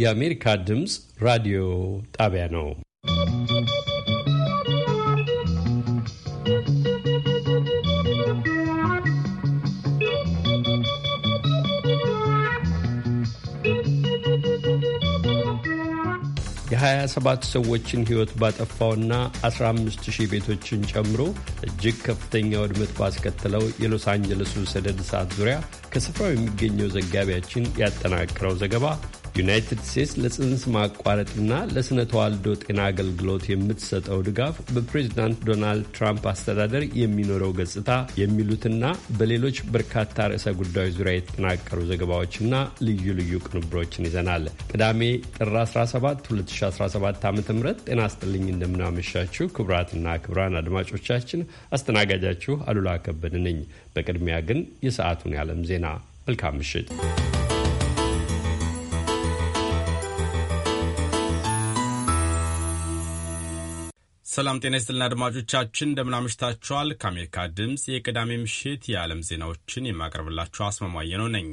የአሜሪካ ድምፅ ራዲዮ ጣቢያ ነው። የ27 ሰዎችን ሕይወት ባጠፋውና 15000 ቤቶችን ጨምሮ እጅግ ከፍተኛ ውድመት ባስከተለው የሎስ አንጀለሱ ሰደድ እሳት ዙሪያ ከስፍራው የሚገኘው ዘጋቢያችን ያጠናቀረው ዘገባ ዩናይትድ ስቴትስ ለጽንስ ማቋረጥና ለስነ ተዋልዶ ጤና አገልግሎት የምትሰጠው ድጋፍ በፕሬዚዳንት ዶናልድ ትራምፕ አስተዳደር የሚኖረው ገጽታ የሚሉትና በሌሎች በርካታ ርዕሰ ጉዳዮች ዙሪያ የተጠናቀሩ ዘገባዎችና ልዩ ልዩ ቅንብሮችን ይዘናል። ቅዳሜ ጥር 17 2017 ዓ ም ጤና ስጥልኝ እንደምናመሻችሁ ክቡራትና ክቡራን አድማጮቻችን አስተናጋጃችሁ አሉላ ከበድንኝ። ነኝ። በቅድሚያ ግን የሰዓቱን የዓለም ዜና። መልካም ምሽት። ሰላም ጤና ይስጥልና አድማጮቻችን እንደምን አምሽታችኋል። ከአሜሪካ ድምፅ የቅዳሜ ምሽት የዓለም ዜናዎችን የማቀርብላችሁ አስማማየ ነው ነኝ።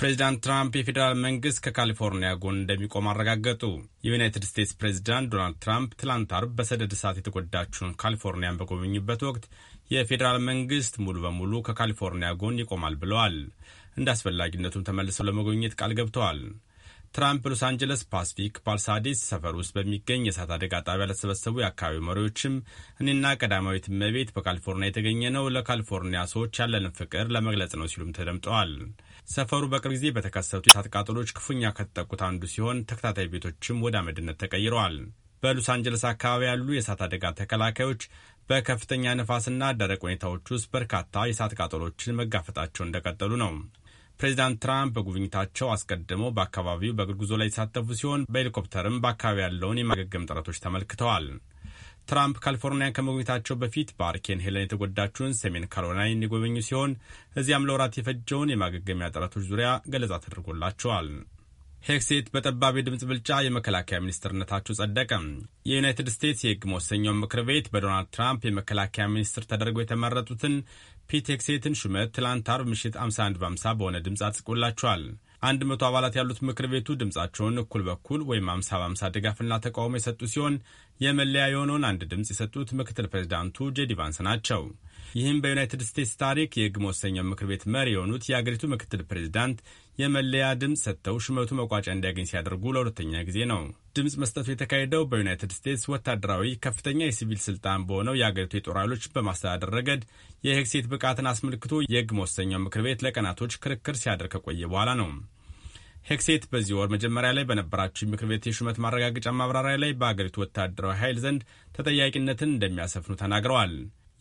ፕሬዚዳንት ትራምፕ የፌዴራል መንግሥት ከካሊፎርኒያ ጎን እንደሚቆም አረጋገጡ። የዩናይትድ ስቴትስ ፕሬዚዳንት ዶናልድ ትራምፕ ትላንት አርብ በሰደድ እሳት የተጎዳችውን ካሊፎርኒያን በጎበኙበት ወቅት የፌዴራል መንግሥት ሙሉ በሙሉ ከካሊፎርኒያ ጎን ይቆማል ብለዋል። እንደ አስፈላጊነቱም ተመልሰው ለመጎብኘት ቃል ገብተዋል። ትራምፕ ሎስ አንጀለስ ፓሲፊክ ፓልሳዴስ ሰፈር ውስጥ በሚገኝ የእሳት አደጋ ጣቢያ ለተሰበሰቡ የአካባቢው መሪዎችም እኔና ቀዳማዊት እመቤት በካሊፎርኒያ የተገኘ ነው ለካሊፎርኒያ ሰዎች ያለንን ፍቅር ለመግለጽ ነው ሲሉም ተደምጠዋል። ሰፈሩ በቅርብ ጊዜ በተከሰቱ የእሳት ቃጠሎች ክፉኛ ከተጠቁት አንዱ ሲሆን ተከታታይ ቤቶችም ወደ አመድነት ተቀይረዋል። በሎስ አንጀለስ አካባቢ ያሉ የእሳት አደጋ ተከላካዮች በከፍተኛ ነፋስና ደረቅ ሁኔታዎች ውስጥ በርካታ የእሳት ቃጠሎችን መጋፈጣቸው እንደቀጠሉ ነው። ፕሬዚዳንት ትራምፕ በጉብኝታቸው አስቀድመው በአካባቢው በእግር ጉዞ ላይ የተሳተፉ ሲሆን በሄሊኮፕተርም በአካባቢ ያለውን የማገገም ጥረቶች ተመልክተዋል። ትራምፕ ካሊፎርኒያን ከመጎብኘታቸው በፊት በአርኬን ሄለን የተጎዳችውን ሰሜን ካሮላይን የጎበኙ ሲሆን እዚያም ለወራት የፈጀውን የማገገሚያ ጥረቶች ዙሪያ ገለጻ ተደርጎላቸዋል። ሄክሴት በጠባብ የድምፅ ብልጫ የመከላከያ ሚኒስትርነታቸው ጸደቀ። የዩናይትድ ስቴትስ የሕግ መወሰኛው ምክር ቤት በዶናልድ ትራምፕ የመከላከያ ሚኒስትር ተደርገው የተመረጡትን ፒት ሄግሴትን ሹመት ትላንት አርብ ምሽት 51 በ50 በሆነ ድምፅ አጽድቆላቸዋል። አንድ መቶ አባላት ያሉት ምክር ቤቱ ድምፃቸውን እኩል በኩል ወይም 50 በ50 ድጋፍና ተቃውሞ የሰጡ ሲሆን የመለያ የሆነውን አንድ ድምፅ የሰጡት ምክትል ፕሬዚዳንቱ ጄዲ ቫንስ ናቸው። ይህም በዩናይትድ ስቴትስ ታሪክ የህግ መወሰኛው ምክር ቤት መሪ የሆኑት የአገሪቱ ምክትል ፕሬዚዳንት የመለያ ድምፅ ሰጥተው ሹመቱ መቋጫ እንዲያገኝ ሲያደርጉ ለሁለተኛ ጊዜ ነው። ድምፅ መስጠቱ የተካሄደው በዩናይትድ ስቴትስ ወታደራዊ ከፍተኛ የሲቪል ስልጣን በሆነው የአገሪቱ የጦር ኃይሎች በማስተዳደር ረገድ የህግ ሴት ብቃትን አስመልክቶ የህግ መወሰኛው ምክር ቤት ለቀናቶች ክርክር ሲያደርግ ከቆየ በኋላ ነው። ሄክሴት በዚህ ወር መጀመሪያ ላይ በነበራቸው የምክር ቤት የሹመት ማረጋገጫ ማብራሪያ ላይ በአገሪቱ ወታደራዊ ኃይል ዘንድ ተጠያቂነትን እንደሚያሰፍኑ ተናግረዋል።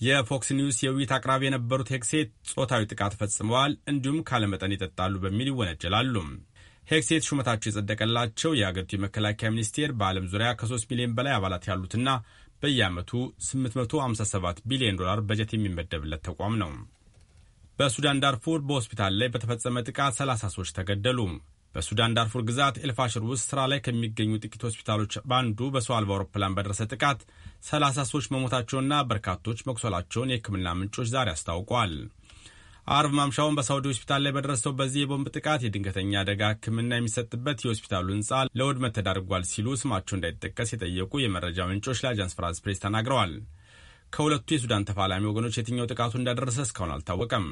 የፎክስ ኒውስ የውይይት አቅራቢ የነበሩት ሄክሴት ጾታዊ ጥቃት ፈጽመዋል እንዲሁም ካለመጠን ይጠጣሉ በሚል ይወነጀላሉ። ሄክሴት ሹመታቸው የጸደቀላቸው የአገሪቱ የመከላከያ ሚኒስቴር በዓለም ዙሪያ ከ3 ሚሊዮን በላይ አባላት ያሉትና በየዓመቱ 857 ቢሊዮን ዶላር በጀት የሚመደብለት ተቋም ነው። በሱዳን ዳርፉር በሆስፒታል ላይ በተፈጸመ ጥቃት 30 ሰዎች ተገደሉ። በሱዳን ዳርፉር ግዛት ኤልፋሽር ውስጥ ስራ ላይ ከሚገኙ ጥቂት ሆስፒታሎች በአንዱ በሰው አልባ አውሮፕላን በደረሰ ጥቃት 30 ሰዎች መሞታቸውና በርካቶች መቁሰላቸውን የሕክምና ምንጮች ዛሬ አስታውቋል። አርብ ማምሻውን በሳውዲ ሆስፒታል ላይ በደረሰው በዚህ የቦምብ ጥቃት የድንገተኛ አደጋ ሕክምና የሚሰጥበት የሆስፒታሉ ህንፃ ለውድመት ተዳርጓል ሲሉ ስማቸው እንዳይጠቀስ የጠየቁ የመረጃ ምንጮች ለአጃንስ ፍራንስ ፕሬስ ተናግረዋል። ከሁለቱ የሱዳን ተፋላሚ ወገኖች የትኛው ጥቃቱ እንዳደረሰ እስካሁን አልታወቀም።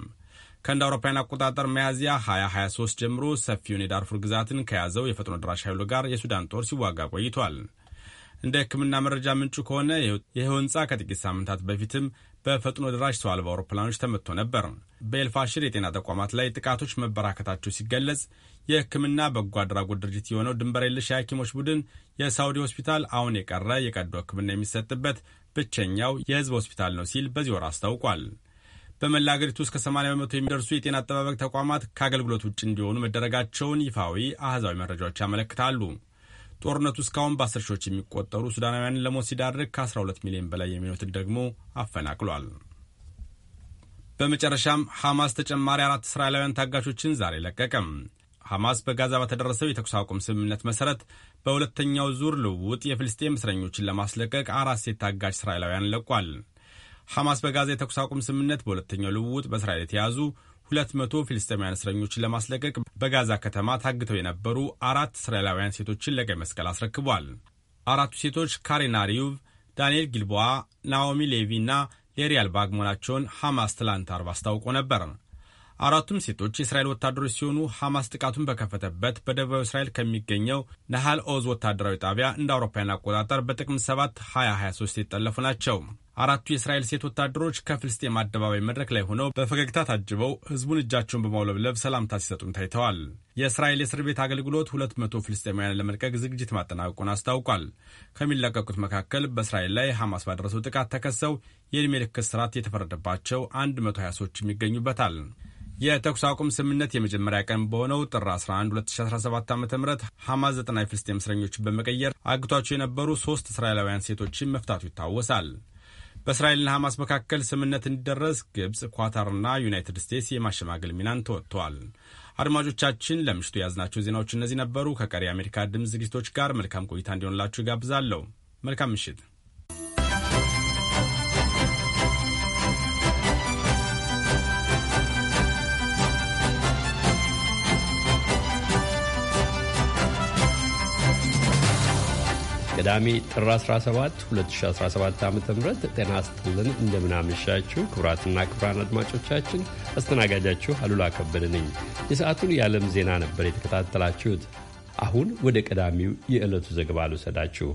ከእንደ አውሮፓውያን አቆጣጠር መያዝያ 2023 ጀምሮ ሰፊውን የዳርፉር ግዛትን ከያዘው የፈጥኖ ድራሽ ኃይሉ ጋር የሱዳን ጦር ሲዋጋ ቆይቷል። እንደ ሕክምና መረጃ ምንጩ ከሆነ ይህ ህንፃ ከጥቂት ሳምንታት በፊትም በፈጥኖ ድራሽ ሰው አልባ አውሮፕላኖች ተመትቶ ነበር። በኤልፋሽር የጤና ተቋማት ላይ ጥቃቶች መበራከታቸው ሲገለጽ የሕክምና በጎ አድራጎት ድርጅት የሆነው ድንበር የለሽ የሐኪሞች ቡድን የሳውዲ ሆስፒታል አሁን የቀረ የቀዶ ሕክምና የሚሰጥበት ብቸኛው የህዝብ ሆስፒታል ነው ሲል በዚህ ወር አስታውቋል። በመላ አገሪቱ እስከ 80 በመቶ የሚደርሱ የጤና አጠባበቅ ተቋማት ከአገልግሎት ውጭ እንዲሆኑ መደረጋቸውን ይፋዊ አህዛዊ መረጃዎች ያመለክታሉ። ጦርነቱ እስካሁን በ10 ሺዎች የሚቆጠሩ ሱዳናውያንን ለሞት ሲዳርግ ከ12 ሚሊዮን በላይ የሚሆኑትን ደግሞ አፈናቅሏል። በመጨረሻም ሐማስ ተጨማሪ አራት እስራኤላውያን ታጋቾችን ዛሬ ለቀቀም። ሐማስ በጋዛ በተደረሰው የተኩስ አቁም ስምምነት መሠረት በሁለተኛው ዙር ልውውጥ የፍልስጤም እስረኞችን ለማስለቀቅ አራት ሴት ታጋች እስራኤላውያን ለቋል። ሐማስ በጋዛ የተኩስ አቁም ስምምነት በሁለተኛው ልውውጥ በእስራኤል የተያዙ ሁለት መቶ ፊልስጤማውያን እስረኞችን ለማስለቀቅ በጋዛ ከተማ ታግተው የነበሩ አራት እስራኤላውያን ሴቶችን ለቀይ መስቀል አስረክቧል። አራቱ ሴቶች ካሪና ሪዩቭ፣ ዳንኤል ጊልቦዋ፣ ናኦሚ ሌቪ እና ሌሪያል ባግ መሆናቸውን ሐማስ ትላንት አርብ አስታውቆ ነበር። አራቱም ሴቶች የእስራኤል ወታደሮች ሲሆኑ ሐማስ ጥቃቱን በከፈተበት በደቡብ እስራኤል ከሚገኘው ነሃል ኦዝ ወታደራዊ ጣቢያ እንደ አውሮፓውያን አቆጣጠር በጥቅምት 7 2023 የተጠለፉ ናቸው። አራቱ የእስራኤል ሴት ወታደሮች ከፍልስጤም አደባባይ መድረክ ላይ ሆነው በፈገግታ ታጅበው ህዝቡን እጃቸውን በማውለብለብ ሰላምታ ሲሰጡም ታይተዋል። የእስራኤል የእስር ቤት አገልግሎት ሁለት መቶ ፍልስጤማውያን ለመልቀቅ ዝግጅት ማጠናቀቁን አስታውቋል። ከሚለቀቁት መካከል በእስራኤል ላይ ሐማስ ባደረሰው ጥቃት ተከሰው የዕድሜ ልክ እስራት የተፈረደባቸው 120 ሰዎችም ይገኙበታል። የተኩስ አቁም ስምምነት የመጀመሪያ ቀን በሆነው ጥር 11 2017 ዓ ም ሐማስ ዘጠና የፍልስጤም እስረኞችን በመቀየር አግቷቸው የነበሩ ሦስት እስራኤላውያን ሴቶችን መፍታቱ ይታወሳል። በእስራኤልና ሐማስ መካከል ስምምነት እንዲደረስ ግብፅ፣ ኳታርና ዩናይትድ ስቴትስ የማሸማገል ሚናን ተወጥተዋል። አድማጮቻችን ለምሽቱ የያዝናቸው ዜናዎች እነዚህ ነበሩ። ከቀሪ የአሜሪካ ድምፅ ዝግጅቶች ጋር መልካም ቆይታ እንዲሆንላችሁ ይጋብዛለሁ። መልካም ምሽት። ቅዳሜ ጥር 17 2017 ዓ ም ጤና ይስጥልን። እንደምናመሻችሁ ክቡራትና ክቡራን አድማጮቻችን አስተናጋጃችሁ አሉላ ከበደ ነኝ። የሰዓቱን የዓለም ዜና ነበር የተከታተላችሁት። አሁን ወደ ቀዳሚው የዕለቱ ዘገባ ልውሰዳችሁ።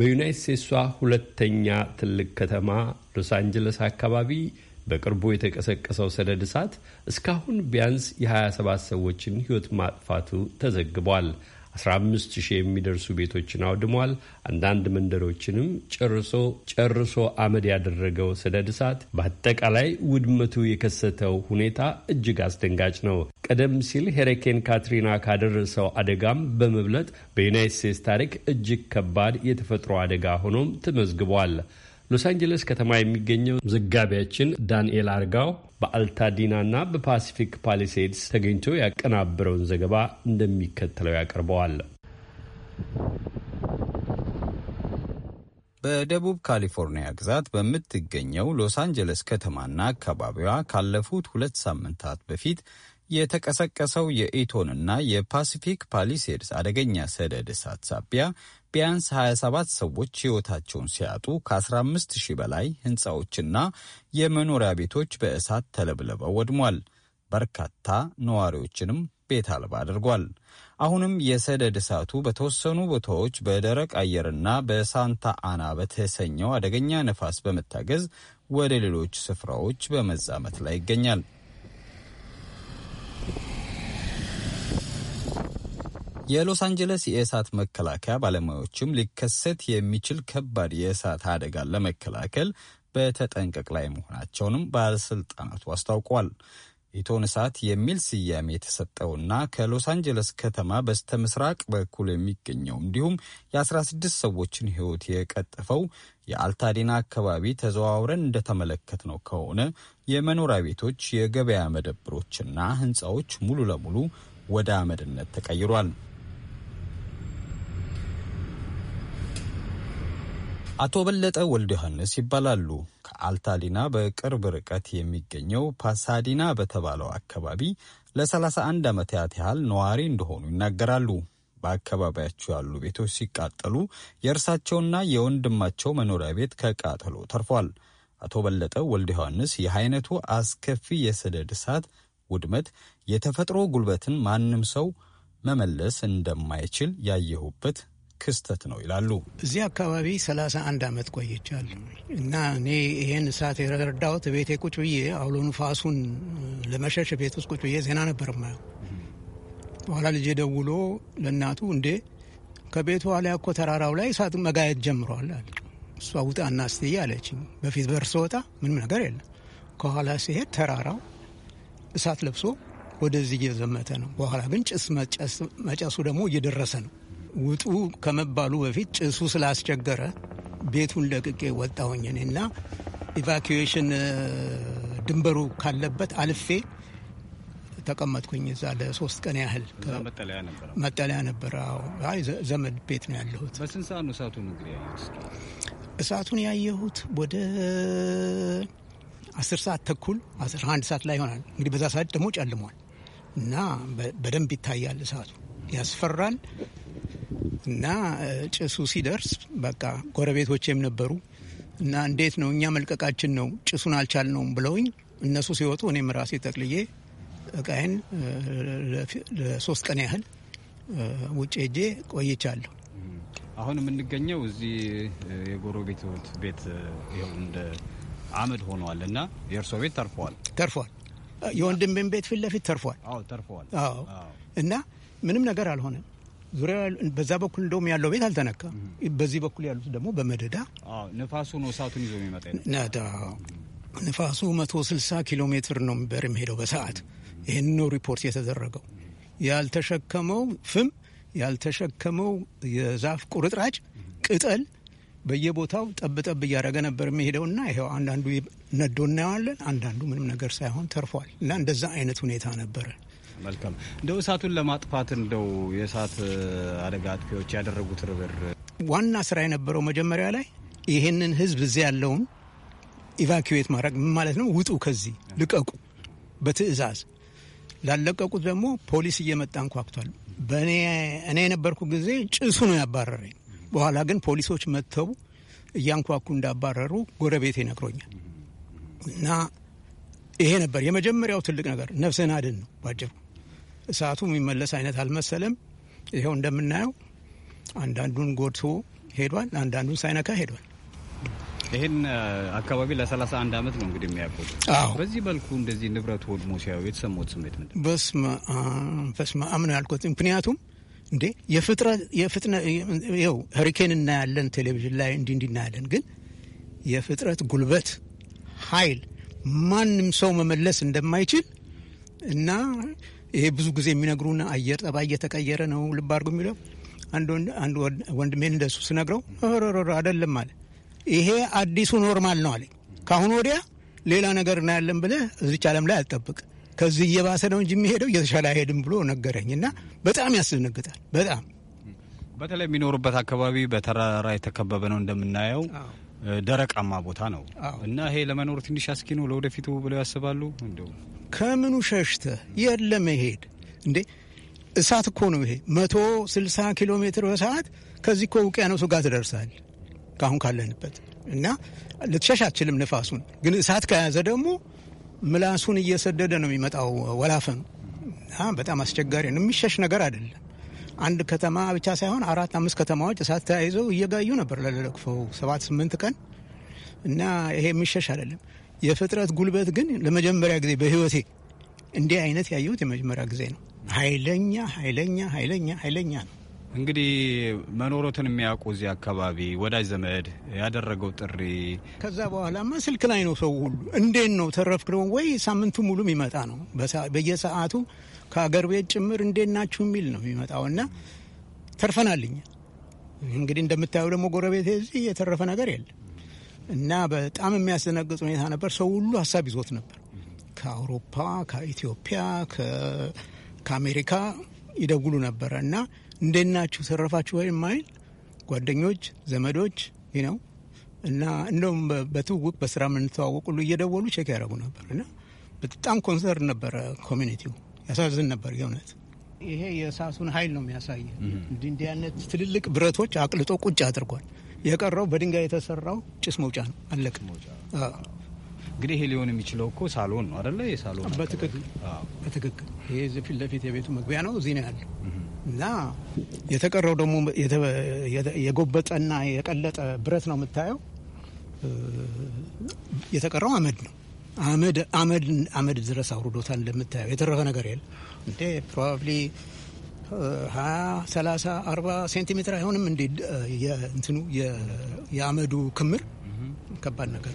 በዩናይት ስቴትሷ ሁለተኛ ትልቅ ከተማ ሎስ አንጀለስ አካባቢ በቅርቡ የተቀሰቀሰው ሰደድ እሳት እስካሁን ቢያንስ የ27 ሰዎችን ሕይወት ማጥፋቱ ተዘግቧል። 15 ሺህ የሚደርሱ ቤቶችን አውድሟል። አንዳንድ መንደሮችንም ጨርሶ ጨርሶ አመድ ያደረገው ሰደድ እሳት በአጠቃላይ ውድመቱ የከሰተው ሁኔታ እጅግ አስደንጋጭ ነው። ቀደም ሲል ሄሪኬን ካትሪና ካደረሰው አደጋም በመብለጥ በዩናይት ስቴትስ ታሪክ እጅግ ከባድ የተፈጥሮ አደጋ ሆኖም ተመዝግቧል። ሎስ አንጀለስ ከተማ የሚገኘው ዘጋቢያችን ዳንኤል አርጋው በአልታዲና እና በፓሲፊክ ፓሊሴድስ ተገኝቶ ያቀናበረውን ዘገባ እንደሚከተለው ያቀርበዋል። በደቡብ ካሊፎርኒያ ግዛት በምትገኘው ሎስ አንጀለስ ከተማና አካባቢዋ ካለፉት ሁለት ሳምንታት በፊት የተቀሰቀሰው የኢቶንና የፓሲፊክ ፓሊሴድስ አደገኛ ሰደድ እሳት ሳቢያ ቢያንስ 27 ሰዎች ሕይወታቸውን ሲያጡ ከ15 ሺህ በላይ ሕንፃዎችና የመኖሪያ ቤቶች በእሳት ተለብልበው ወድሟል። በርካታ ነዋሪዎችንም ቤት አልባ አድርጓል። አሁንም የሰደድ እሳቱ በተወሰኑ ቦታዎች በደረቅ አየርና በሳንታ አና በተሰኘው አደገኛ ነፋስ በመታገዝ ወደ ሌሎች ስፍራዎች በመዛመት ላይ ይገኛል። የሎስ አንጀለስ የእሳት መከላከያ ባለሙያዎችም ሊከሰት የሚችል ከባድ የእሳት አደጋን ለመከላከል በተጠንቀቅ ላይ መሆናቸውንም ባለስልጣናቱ አስታውቋል። ኢቶን እሳት የሚል ስያሜ የተሰጠውና ከሎስ አንጀለስ ከተማ በስተ ምስራቅ በኩል የሚገኘው እንዲሁም የ16 ሰዎችን ሕይወት የቀጠፈው የአልታዲና አካባቢ ተዘዋውረን እንደተመለከት ነው ከሆነ የመኖሪያ ቤቶች፣ የገበያ መደብሮችና ሕንፃዎች ሙሉ ለሙሉ ወደ አመድነት ተቀይሯል። አቶ በለጠ ወልድ ዮሐንስ ይባላሉ። ከአልታሊና በቅርብ ርቀት የሚገኘው ፓሳዲና በተባለው አካባቢ ለ31 ዓመታት ያህል ነዋሪ እንደሆኑ ይናገራሉ። በአካባቢያቸው ያሉ ቤቶች ሲቃጠሉ የእርሳቸውና የወንድማቸው መኖሪያ ቤት ከቃጠሎ ተርፏል። አቶ በለጠ ወልድ ዮሐንስ ይህ አይነቱ አስከፊ የሰደድ እሳት ውድመት የተፈጥሮ ጉልበትን ማንም ሰው መመለስ እንደማይችል ያየሁበት ክስተት ነው ይላሉ። እዚህ አካባቢ ሰላሳ አንድ ዓመት ቆይቻለሁ እና እኔ ይህን እሳት የረዳሁት ቤቴ ቁጭ ብዬ አውሎ ንፋሱን ለመሸሽ ቤት ውስጥ ቁጭ ብዬ ዜና ነበር ማየው። በኋላ ልጄ ደውሎ ለእናቱ እንዴ ከቤቱ ኋላ እኮ ተራራው ላይ እሳት መጋየት ጀምሯል አለ። እሷ ውጣ እናስትዬ አለችኝ። በፊት በር ስወጣ ምንም ነገር የለም። ከኋላ ሲሄድ ተራራው እሳት ለብሶ ወደዚህ እየዘመተ ነው። በኋላ ግን ጭስ መጨሱ ደግሞ እየደረሰ ነው። ውጡ ከመባሉ በፊት ጭሱ ስላስቸገረ ቤቱን ለቅቄ ወጣሁኝ እና ኢቫኪዌሽን ድንበሩ ካለበት አልፌ ተቀመጥኩኝ። እዛ ለሶስት ቀን ያህል መጠለያ ነበረ። ዘመድ ቤት ነው ያለሁት። በስንት ሰዓት ነው እሳቱን እንግዲህ ያየሁት? እሳቱን ያየሁት ወደ አስር ሰዓት ተኩል አስራ አንድ ሰዓት ላይ ይሆናል። እንግዲህ በዛ ሰዓት ደግሞ ጨልሟል እና በደንብ ይታያል እሳቱ ያስፈራል። እና ጭሱ ሲደርስ በቃ ጎረቤቶቼም ነበሩ እና እንዴት ነው እኛ መልቀቃችን ነው ጭሱን አልቻልነውም ብለውኝ እነሱ ሲወጡ እኔም ራሴ ጠቅልዬ እቃይን ለሶስት ቀን ያህል ውጭ ሄጄ ቆይቻለሁ። አሁን የምንገኘው እዚህ የጎረቤቶት ቤት ይኸው እንደ አመድ ሆነዋል እና የእርሶ ቤት ተርፏል ተርፏል። የወንድምን ቤት ፊት ለፊት ተርፏል ተርፏል። እና ምንም ነገር አልሆነም። ዙሪያ በዛ በኩል እንደውም ያለው ቤት አልተነካም። በዚህ በኩል ያሉት ደግሞ በመደዳ ነፋሱ ነው እሳቱን ይዞ የሚመጣ ንፋሱ 160 ኪሎ ሜትር ነው በር የሚሄደው በሰዓት ይህን ነው ሪፖርት የተደረገው። ያልተሸከመው ፍም፣ ያልተሸከመው የዛፍ ቁርጥራጭ ቅጠል በየቦታው ጠብ ጠብ እያደረገ ነበር የሚሄደውና ይኸው አንዳንዱ ነዶ እናየዋለን፣ አንዳንዱ ምንም ነገር ሳይሆን ተርፏል። እና እንደዛ አይነት ሁኔታ ነበረ። መልካም። እንደው እሳቱን ለማጥፋት እንደው የእሳት አደጋ አጥፊዎች ያደረጉት ርብር ዋና ስራ የነበረው መጀመሪያ ላይ ይህንን ህዝብ እዚያ ያለውን ኢቫኪዌት ማድረግ ማለት ነው። ውጡ፣ ከዚህ ልቀቁ በትዕዛዝ ላለቀቁት ደግሞ ፖሊስ እየመጣ እንኳክቷል እኔ የነበርኩ ጊዜ ጭሱ ነው ያባረረኝ። በኋላ ግን ፖሊሶች መጥተው እያንኳኩ እንዳባረሩ ጎረቤት ይነግሮኛል። እና ይሄ ነበር የመጀመሪያው ትልቅ ነገር ነፍስህን አድን ነው ባጭሩ። እሳቱ የሚመለስ አይነት አልመሰለም። ይኸው እንደምናየው አንዳንዱን ጎድቶ ሄዷል፣ አንዳንዱን ሳይነካ ሄዷል። ይህን አካባቢ ለ31 ዓመት ነው እንግዲህ የሚያውቁት። በዚህ መልኩ እንደዚህ ንብረት ወድሞ ሲያዩ የተሰማት ስሜት ምንድን ነው? በስመ አብ ነው ያልኩት። ምክንያቱም እንዴ የፍጥነው ሄሪኬን እናያለን ቴሌቪዥን ላይ እንዲ እንዲ እናያለን፣ ግን የፍጥረት ጉልበት ኃይል ማንም ሰው መመለስ እንደማይችል እና ይሄ ብዙ ጊዜ የሚነግሩና አየር ጠባይ እየተቀየረ ነው ልብ አድርጉ የሚለው አንድ ወንድሜን እንደሱ ስነግረው ሮሮ አይደለም አለ። ይሄ አዲሱ ኖርማል ነው አለ። ከአሁኑ ወዲያ ሌላ ነገር እናያለን ብለህ እዚች ዓለም ላይ አልጠብቅ፣ ከዚህ እየባሰ ነው እንጂ የሚሄደው እየተሻለ አይሄድም ብሎ ነገረኝ እና በጣም ያስደነግጣል። በጣም በተለይ የሚኖሩበት አካባቢ በተራራ የተከበበ ነው እንደምናየው ደረቃማ ቦታ ነው እና ይሄ ለመኖር ትንሽ አስኪ ነው ለወደፊቱ ብለው ያስባሉ። እንደው ከምኑ ሸሽተ የለ መሄድ እንዴ እሳት እኮ ነው ይሄ መቶ ስልሳ ኪሎ ሜትር በሰዓት ከዚህ እኮ ውቅያኖሱ ጋር ትደርሳል ከአሁን ካለንበት እና ልትሸሽ አትችልም። ንፋሱን ግን እሳት ከያዘ ደግሞ ምላሱን እየሰደደ ነው የሚመጣው ወላፈኑ። በጣም አስቸጋሪ ነው። የሚሸሽ ነገር አይደለም። አንድ ከተማ ብቻ ሳይሆን አራት አምስት ከተማዎች እሳት ተያይዘው እየጋዩ ነበር ለለለቅፈው ሰባት ስምንት ቀን እና ይሄ የሚሸሽ አይደለም። የፍጥረት ጉልበት ግን ለመጀመሪያ ጊዜ በህይወቴ እንዲህ አይነት ያየሁት የመጀመሪያ ጊዜ ነው። ኃይለኛ ኃይለኛ ኃይለኛ ኃይለኛ ነው። እንግዲህ መኖሮትን የሚያውቁ እዚህ አካባቢ ወዳጅ ዘመድ ያደረገው ጥሪ። ከዛ በኋላማ ስልክ ላይ ነው ሰው ሁሉ። እንዴት ነው ተረፍክ? ወይ ሳምንቱ ሙሉ ይመጣ ነው በየሰዓቱ ከአገር ቤት ጭምር እንዴት ናችሁ የሚል ነው የሚመጣውና ተርፈናልኛ። እንግዲህ እንደምታየው ደግሞ ጎረቤት እዚህ የተረፈ ነገር የለም እና በጣም የሚያስደነግጥ ሁኔታ ነበር። ሰው ሁሉ ሀሳብ ይዞት ነበር። ከአውሮፓ፣ ከኢትዮጵያ፣ ከአሜሪካ ይደውሉ ነበረ እና እንዴት ናችሁ ተረፋችሁ ወይም ማይል ጓደኞች፣ ዘመዶች ነው እና እንደውም በትውውቅ በስራ የምንተዋወቅ ሁሉ እየደወሉ ቼክ ያደረጉ ነበር እና በጣም ኮንሰርን ነበረ ኮሚኒቲው። ያሳዝን ነበር የእውነት። ይሄ የእሳቱን ኃይል ነው የሚያሳየ። እንዲህ አይነት ትልልቅ ብረቶች አቅልጦ ቁጭ አድርጓል። የቀረው በድንጋይ የተሰራው ጭስ መውጫ ነው። አለቅ እንግዲህ ይሄ ሊሆን የሚችለው እኮ ሳሎን ነው አደለ? የሳሎን በትክክል በትክክል። ይሄ ፊት ለፊት የቤቱ መግቢያ ነው፣ እዚህ ነው ያለ እና የተቀረው ደግሞ የጎበጠና የቀለጠ ብረት ነው የምታየው። የተቀረው አመድ ነው። አመድ አመድ አመድ ድረስ አውርዶታል። እንደምታየው የተረፈ ነገር የለ እንዴ ፕሮባብሊ ሀያ uh, ሰላሳ አርባ ሴንቲሜትር አይሆንም እንዴ እንትኑ የአመዱ ክምር ከባድ ነገር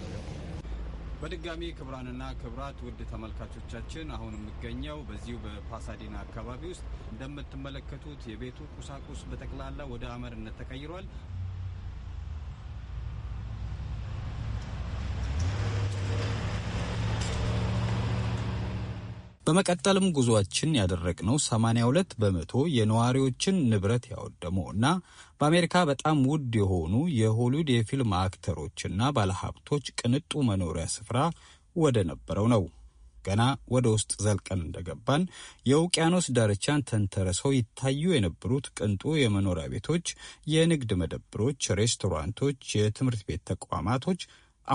በድጋሚ ክብራንና ክብራት ውድ ተመልካቾቻችን አሁን የምገኘው በዚሁ በፓሳዲና አካባቢ ውስጥ እንደምትመለከቱት የቤቱ ቁሳቁስ በጠቅላላ ወደ አመድነት ተቀይሯል። በመቀጠልም ጉዞአችን ያደረግነው 82 በመቶ የነዋሪዎችን ንብረት ያወደመው እና በአሜሪካ በጣም ውድ የሆኑ የሆሊውድ የፊልም አክተሮችና ባለሀብቶች ቅንጡ መኖሪያ ስፍራ ወደ ነበረው ነው። ገና ወደ ውስጥ ዘልቀን እንደገባን የውቅያኖስ ዳርቻን ተንተርሰው ይታዩ የነበሩት ቅንጡ የመኖሪያ ቤቶች፣ የንግድ መደብሮች፣ ሬስቶራንቶች፣ የትምህርት ቤት ተቋማቶች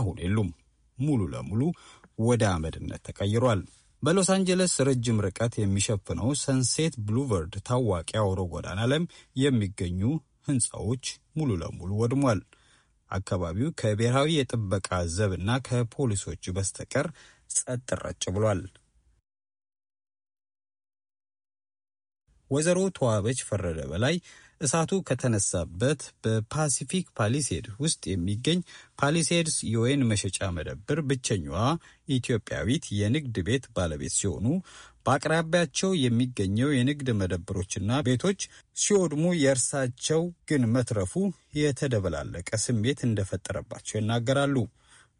አሁን የሉም። ሙሉ ለሙሉ ወደ አመድነት ተቀይሯል። በሎስ አንጀለስ ረጅም ርቀት የሚሸፍነው ሰንሴት ብሉቨርድ ታዋቂ አውሮ ጎዳና ላይም የሚገኙ ህንፃዎች ሙሉ ለሙሉ ወድሟል። አካባቢው ከብሔራዊ የጥበቃ ዘብ እና ከፖሊሶቹ በስተቀር ጸጥ ረጭ ብሏል። ወይዘሮ ተዋበች ፈረደ በላይ እሳቱ ከተነሳበት በፓሲፊክ ፓሊሴድ ውስጥ የሚገኝ ፓሊሴድስ የወይን መሸጫ መደብር ብቸኛዋ ኢትዮጵያዊት የንግድ ቤት ባለቤት ሲሆኑ በአቅራቢያቸው የሚገኘው የንግድ መደብሮችና ቤቶች ሲወድሙ የእርሳቸው ግን መትረፉ የተደበላለቀ ስሜት እንደፈጠረባቸው ይናገራሉ።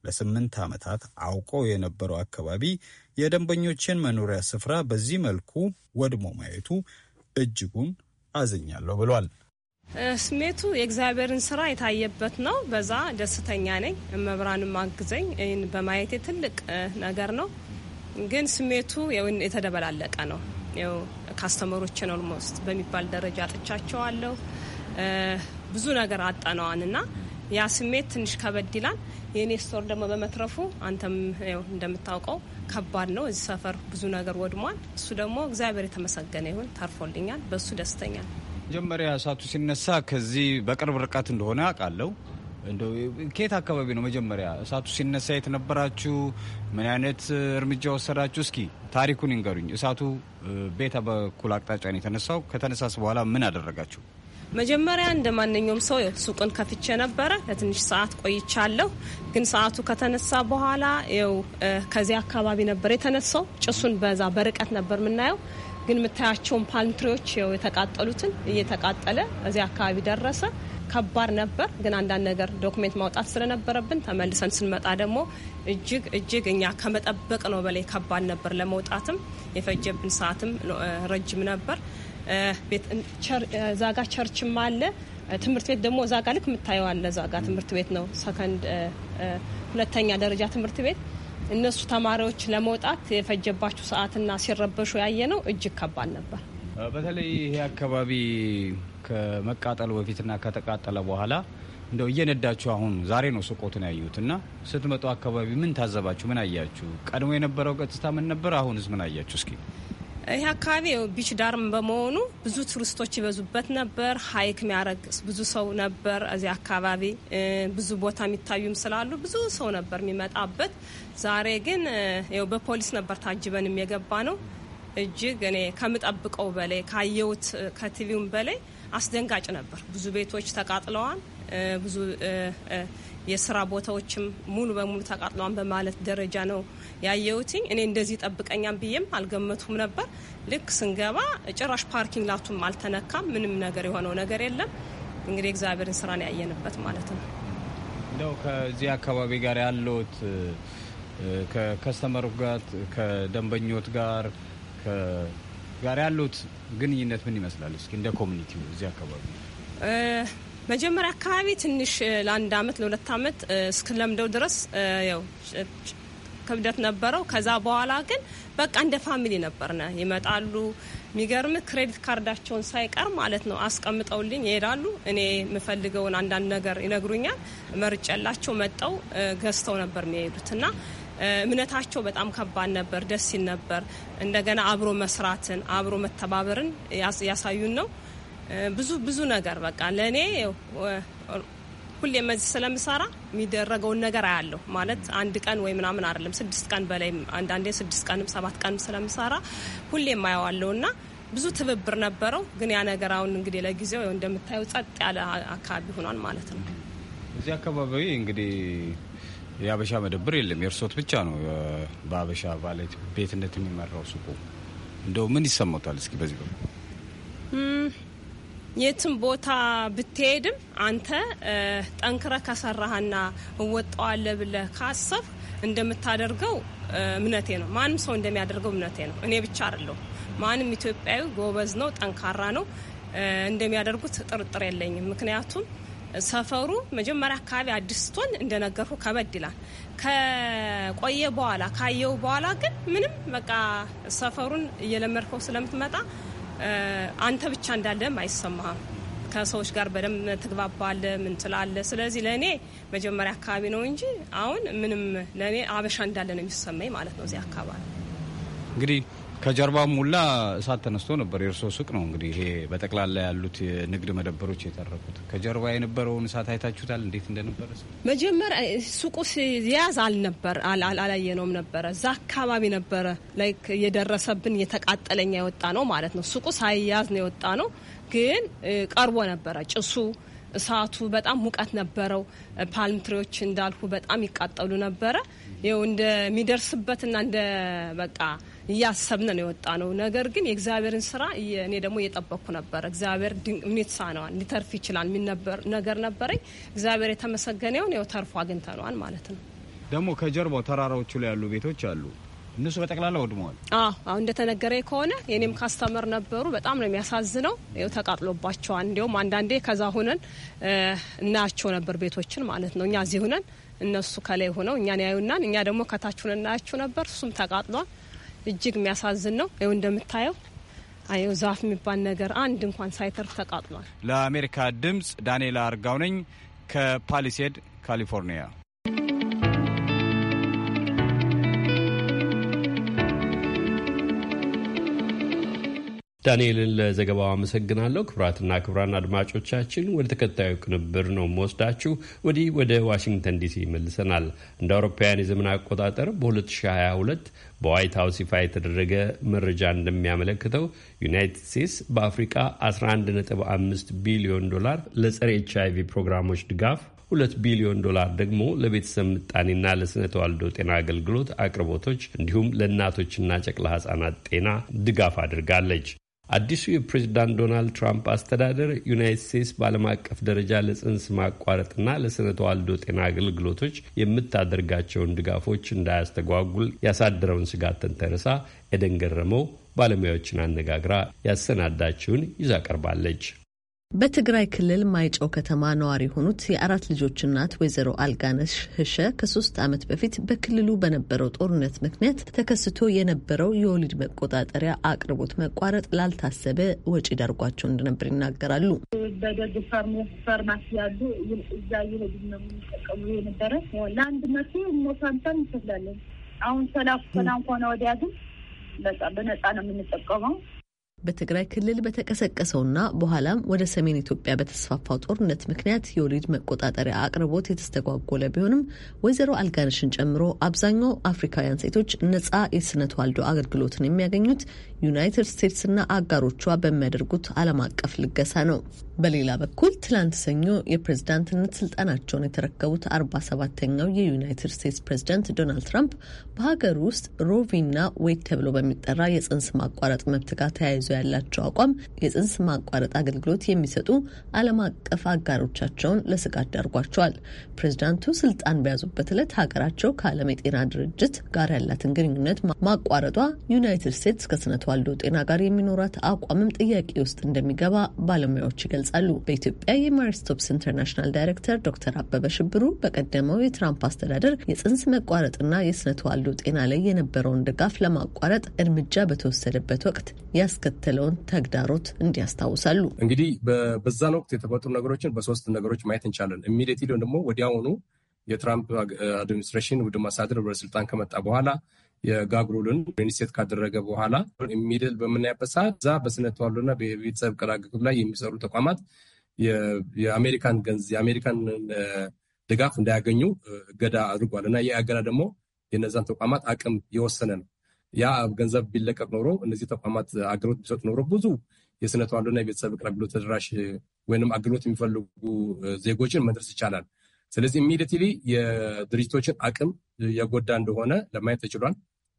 ለስምንት ዓመታት አውቀው የነበረው አካባቢ የደንበኞችን መኖሪያ ስፍራ በዚህ መልኩ ወድሞ ማየቱ እጅጉን አዝኛለሁ ብሏል። ስሜቱ የእግዚአብሔርን ስራ የታየበት ነው። በዛ ደስተኛ ነኝ። መብራንም አግዘኝ ይህን በማየቴ ትልቅ ነገር ነው። ግን ስሜቱ የተደበላለቀ ነው። ካስተመሮችን ኦልሞስት በሚባል ደረጃ አጥቻቸዋለሁ። ብዙ ነገር አጠነዋን እና ያ ስሜት ትንሽ ከበድ ይላል። የእኔ ስቶር ደግሞ በመትረፉ አንተም እንደምታውቀው ከባድ ነው። እዚህ ሰፈር ብዙ ነገር ወድሟል። እሱ ደግሞ እግዚአብሔር የተመሰገነ ይሁን ተርፎልኛል። በእሱ ደስተኛል። መጀመሪያ እሳቱ ሲነሳ ከዚህ በቅርብ ርቀት እንደሆነ አውቃለሁ። ከየት አካባቢ ነው መጀመሪያ እሳቱ ሲነሳ የተነበራችሁ? ምን አይነት እርምጃ ወሰዳችሁ? እስኪ ታሪኩን ይንገሩኝ። እሳቱ ቤታ በኩል አቅጣጫ ነው የተነሳው። ከተነሳስ በኋላ ምን አደረጋችሁ? መጀመሪያ እንደ ማንኛውም ሰው ሱቁን ከፍቼ ነበረ። ለትንሽ ሰዓት ቆይቻለሁ። ግን ሰዓቱ ከተነሳ በኋላ ው ከዚያ አካባቢ ነበር የተነሳው። ጭሱን በዛ በርቀት ነበር የምናየው። ግን የምታያቸውን ፓልምትሪዎች ው የተቃጠሉትን እየተቃጠለ እዚያ አካባቢ ደረሰ። ከባድ ነበር። ግን አንዳንድ ነገር ዶክሜንት ማውጣት ስለነበረብን ተመልሰን ስንመጣ ደግሞ እጅግ እጅግ እኛ ከመጠበቅ ነው በላይ ከባድ ነበር። ለመውጣትም የፈጀብን ሰዓትም ረጅም ነበር። ዛጋ ቸርችም አለ። ትምህርት ቤት ደግሞ እዛ ልክ የምታየው አለ። እዛ ትምህርት ቤት ነው፣ ሰከንድ ሁለተኛ ደረጃ ትምህርት ቤት። እነሱ ተማሪዎች ለመውጣት የፈጀባቸው ሰዓትና ሲረበሹ ያየ ነው እጅግ ከባድ ነበር። በተለይ ይሄ አካባቢ ከመቃጠል በፊትና ከተቃጠለ በኋላ እንደው እየነዳችሁ አሁን ዛሬ ነው ስቆቱን ያዩት እና ስትመጡ አካባቢ ምን ታዘባችሁ? ምን አያችሁ? ቀድሞ የነበረው ገጽታ ምን ነበር? አሁንስ ምን አያችሁ? እስኪ ይህ አካባቢ ቢች ዳርም በመሆኑ ብዙ ቱሪስቶች ይበዙበት ነበር። ሀይክ የሚያደረግ ብዙ ሰው ነበር። እዚህ አካባቢ ብዙ ቦታ የሚታዩም ስላሉ ብዙ ሰው ነበር የሚመጣበት። ዛሬ ግን ው በፖሊስ ነበር ታጅበንም የገባ ነው። እጅግ እኔ ከምጠብቀው በላይ ካየሁት ከቲቪውም በላይ አስደንጋጭ ነበር። ብዙ ቤቶች ተቃጥለዋል። ብዙ የስራ ቦታዎችም ሙሉ በሙሉ ተቃጥለዋል በማለት ደረጃ ነው ያየሁትኝ። እኔ እንደዚህ ጠብቀኛም ብዬም አልገመቱም ነበር። ልክ ስንገባ ጭራሽ ፓርኪንግ ላቱም አልተነካም። ምንም ነገር የሆነው ነገር የለም። እንግዲህ እግዚአብሔርን ስራን ያየንበት ማለት ነው። እንደው ከዚህ አካባቢ ጋር ያለዎት ከከስተመሩ ጋር ከደንበኞት ጋር ጋር ያሉት ግንኙነት ምን ይመስላል? እስኪ እንደ ኮሚኒቲ እዚህ አካባቢ መጀመሪያ አካባቢ ትንሽ ለአንድ አመት ለሁለት አመት እስክለምደው ድረስ ያው ክብደት ነበረው። ከዛ በኋላ ግን በቃ እንደ ፋሚሊ ነበርነ። ይመጣሉ። የሚገርም ክሬዲት ካርዳቸውን ሳይቀር ማለት ነው አስቀምጠውልኝ ይሄዳሉ። እኔ የምፈልገውን አንዳንድ ነገር ይነግሩኛል። መርጨላቸው መጠው ገዝተው ነበር የሚሄዱት እና እምነታቸው በጣም ከባድ ነበር። ደስ ሲል ነበር። እንደገና አብሮ መስራትን አብሮ መተባበርን ያሳዩን ነው ብዙ ብዙ ነገር በቃ ለእኔ ሁሌ መዚህ ስለምሰራ የሚደረገውን ነገር አያለሁ። ማለት አንድ ቀን ወይ ምናምን አይደለም ስድስት ቀን በላይ አንዳንዴ ስድስት ቀንም ሰባት ቀንም ስለምሰራ ሁሌም አየዋለሁ እና ብዙ ትብብር ነበረው። ግን ያ ነገር አሁን እንግዲህ ለጊዜው እንደምታየው ጸጥ ያለ አካባቢ ሆኗል ማለት ነው። እዚህ አካባቢ እንግዲህ የአበሻ መደብር የለም፣ የእርሶት ብቻ ነው በአበሻ ባለቤት ቤትነት የሚመራው ሱቁ። እንደው ምን ይሰማታል እስኪ በዚህ በኩል የትም ቦታ ብትሄድም አንተ ጠንክረ ከሰራህና እወጣዋለ ብለ ካሰብ እንደምታደርገው እምነቴ ነው። ማንም ሰው እንደሚያደርገው እምነቴ ነው። እኔ ብቻ አይደለሁ። ማንም ኢትዮጵያዊ ጎበዝ ነው፣ ጠንካራ ነው። እንደሚያደርጉት ጥርጥር የለኝም። ምክንያቱም ሰፈሩ መጀመሪያ አካባቢ አዲስ ስትሆን እንደነገርኩ ከበድ ይላል። ከቆየ በኋላ ካየው በኋላ ግን ምንም በቃ ሰፈሩን እየለመድከው ስለምትመጣ አንተ ብቻ እንዳለም አይሰማህም። ከሰዎች ጋር በደንብ ትግባባለ ምን ትላለ። ስለዚህ ለእኔ መጀመሪያ አካባቢ ነው እንጂ አሁን ምንም ለእኔ አበሻ እንዳለ ነው የሚሰማኝ ማለት ነው እዚህ አካባቢ እንግዲህ ከጀርባ ሙላ እሳት ተነስቶ ነበር። የእርሶ ሱቅ ነው እንግዲህ ይሄ በጠቅላላ ያሉት ንግድ መደብሮች የተረፉት። ከጀርባ የነበረውን እሳት አይታችሁታል? እንዴት እንደነበረ መጀመሪያ ሱቁ ሲያዝ አልነበር አላየነውም ነበረ። እዛ አካባቢ ነበረ ላይክ የደረሰብን የተቃጠለኛ የወጣ ነው ማለት ነው። ሱቁ ሳይያዝ ነው የወጣ ነው፣ ግን ቀርቦ ነበረ ጭሱ እሳቱ በጣም ሙቀት ነበረው። ፓልም ትሪዎች እንዳልኩ በጣም ይቃጠሉ ነበረ። ይኸው እንደሚደርስበትና እንደ በቃ እያሰብን ነው የወጣ ነው። ነገር ግን የእግዚአብሔርን ስራ እኔ ደግሞ እየጠበቅኩ ነበር። እግዚአብሔር እኔትሳ ነዋል ሊተርፍ ይችላል የሚነበር ነገር ነበረኝ። እግዚአብሔር የተመሰገነውን ው ተርፎ አግኝተነዋል ማለት ነው። ደግሞ ከጀርባው ተራራዎቹ ላይ ያሉ ቤቶች አሉ። እነሱ በጠቅላላ ወድመዋል። አሁን እንደተነገረ ከሆነ የኔም ካስተመር ነበሩ። በጣም ነው የሚያሳዝነው። ው ተቃጥሎባቸዋል። እንዲሁም አንዳንዴ ከዛ ሁነን እናያቸው ነበር ቤቶችን ማለት ነው። እኛ እዚህ ሁነን እነሱ ከላይ ሆነው እኛን ያዩናን፣ እኛ ደግሞ ከታች ሁነን እናያቸው ነበር። እሱም ተቃጥሏል። እጅግ የሚያሳዝን ነው። ይኸው እንደምታየው አየው ዛፍ የሚባል ነገር አንድ እንኳን ሳይተርፍ ተቃጥሏል። ለአሜሪካ ድምፅ ዳንኤል አርጋው ነኝ ከፓሊሴድ ካሊፎርኒያ። ዳንኤልን ለዘገባው አመሰግናለሁ። ክብራትና ክብራን አድማጮቻችን ወደ ተከታዩ ቅንብር ነው መወስዳችሁ። ወዲህ ወደ ዋሽንግተን ዲሲ ይመልሰናል። እንደ አውሮፓውያን የዘመን አቆጣጠር በ2022 በዋይት ሀውስ ይፋ የተደረገ መረጃ እንደሚያመለክተው ዩናይትድ ስቴትስ በአፍሪካ 11.5 ቢሊዮን ዶላር ለጸረ ኤች አይቪ ፕሮግራሞች ድጋፍ ሁለት ቢሊዮን ዶላር ደግሞ ለቤተሰብ ምጣኔና ለስነ ተዋልዶ ጤና አገልግሎት አቅርቦቶች እንዲሁም ለእናቶችና ጨቅላ ህጻናት ጤና ድጋፍ አድርጋለች። አዲሱ የፕሬዚዳንት ዶናልድ ትራምፕ አስተዳደር ዩናይት ስቴትስ በዓለም አቀፍ ደረጃ ለጽንስ ማቋረጥና ለስነ ተዋልዶ ጤና አገልግሎቶች የምታደርጋቸውን ድጋፎች እንዳያስተጓጉል ያሳደረውን ስጋት ተንተርሳ ኤደን ገረመው ባለሙያዎችን አነጋግራ ያሰናዳችውን ይዛ ቀርባለች። በትግራይ ክልል ማይጨው ከተማ ነዋሪ የሆኑት የአራት ልጆች እናት ወይዘሮ አልጋነሽ ህሸ ከሶስት ዓመት በፊት በክልሉ በነበረው ጦርነት ምክንያት ተከስቶ የነበረው የወሊድ መቆጣጠሪያ አቅርቦት መቋረጥ ላልታሰበ ወጪ ዳርጓቸው እንደነበር ይናገራሉ። በደግ ፋርማሲ ያሉ እዛ የሄድ ነው የሚጠቀሙ የነበረ ለአንድ መቶ ሞቶ ሃምሳ አሁን ሰላፍ ሰላም ከሆነ ወዲያ ግን በነጻ ነው የምንጠቀመው በትግራይ ክልል በተቀሰቀሰውና በኋላም ወደ ሰሜን ኢትዮጵያ በተስፋፋው ጦርነት ምክንያት የወሊድ መቆጣጠሪያ አቅርቦት የተስተጓጎለ ቢሆንም ወይዘሮ አልጋነሽን ጨምሮ አብዛኛው አፍሪካውያን ሴቶች ነጻ የስነ ተዋልዶ አገልግሎትን የሚያገኙት ዩናይትድ ስቴትስና አጋሮቿ በሚያደርጉት ዓለም አቀፍ ልገሳ ነው። በሌላ በኩል ትላንት ሰኞ የፕሬዝዳንትነት ስልጣናቸውን የተረከቡት አርባ ሰባተኛው የዩናይትድ ስቴትስ ፕሬዝዳንት ዶናልድ ትራምፕ በሀገር ውስጥ ሮቪና ዌድ ተብሎ በሚጠራ የጽንስ ማቋረጥ መብት ጋር ተያይዞ ያላቸው አቋም የጽንስ ማቋረጥ አገልግሎት የሚሰጡ ዓለም አቀፍ አጋሮቻቸውን ለስጋት ዳርጓቸዋል። ፕሬዝዳንቱ ስልጣን በያዙበት ዕለት ሀገራቸው ከዓለም የጤና ድርጅት ጋር ያላትን ግንኙነት ማቋረጧ ዩናይትድ ስቴትስ ከስነ ተዋልዶ ጤና ጋር የሚኖራት አቋምም ጥያቄ ውስጥ እንደሚገባ ባለሙያዎች ይገልጻል። ይገልጻሉ። በኢትዮጵያ የማሪስቶፕስ ኢንተርናሽናል ዳይሬክተር ዶክተር አበበ ሽብሩ በቀደመው የትራምፕ አስተዳደር የጽንስ መቋረጥና የስነ ተዋልዶ ጤና ላይ የነበረውን ድጋፍ ለማቋረጥ እርምጃ በተወሰደበት ወቅት ያስከተለውን ተግዳሮት እንዲያስታውሳሉ። እንግዲህ በዛን ወቅት የተፈጠሩ ነገሮችን በሶስት ነገሮች ማየት እንቻለን። ኢሚዲየትሊ ደግሞ ወዲያውኑ የትራምፕ አድሚኒስትሬሽን ውድ ማሳደር ወደ ስልጣን ከመጣ በኋላ የጋግሮልን ኢኒሴት ካደረገ በኋላ ሚድል በምናያበት ሰዓት እዛ በስነ በቤተሰብ ቀላቅብ ላይ የሚሰሩ ተቋማት የአሜሪካን ገንዝ የአሜሪካን ድጋፍ እንዳያገኙ እገዳ አድርጓል እና ይህ እገዳ ደግሞ የነዛን ተቋማት አቅም የወሰነ ነው። ያ ገንዘብ ቢለቀቅ ኖሮ እነዚህ ተቋማት አገልግሎት ቢሰጡ ኖሮ ብዙ የስነ ተዋሎና የቤተሰብ አገልግሎት ተደራሽ ወይም አገልግሎት የሚፈልጉ ዜጎችን መድረስ ይቻላል። ስለዚህ ኢሚዲትሊ የድርጅቶችን አቅም የጎዳ እንደሆነ ለማየት ተችሏል።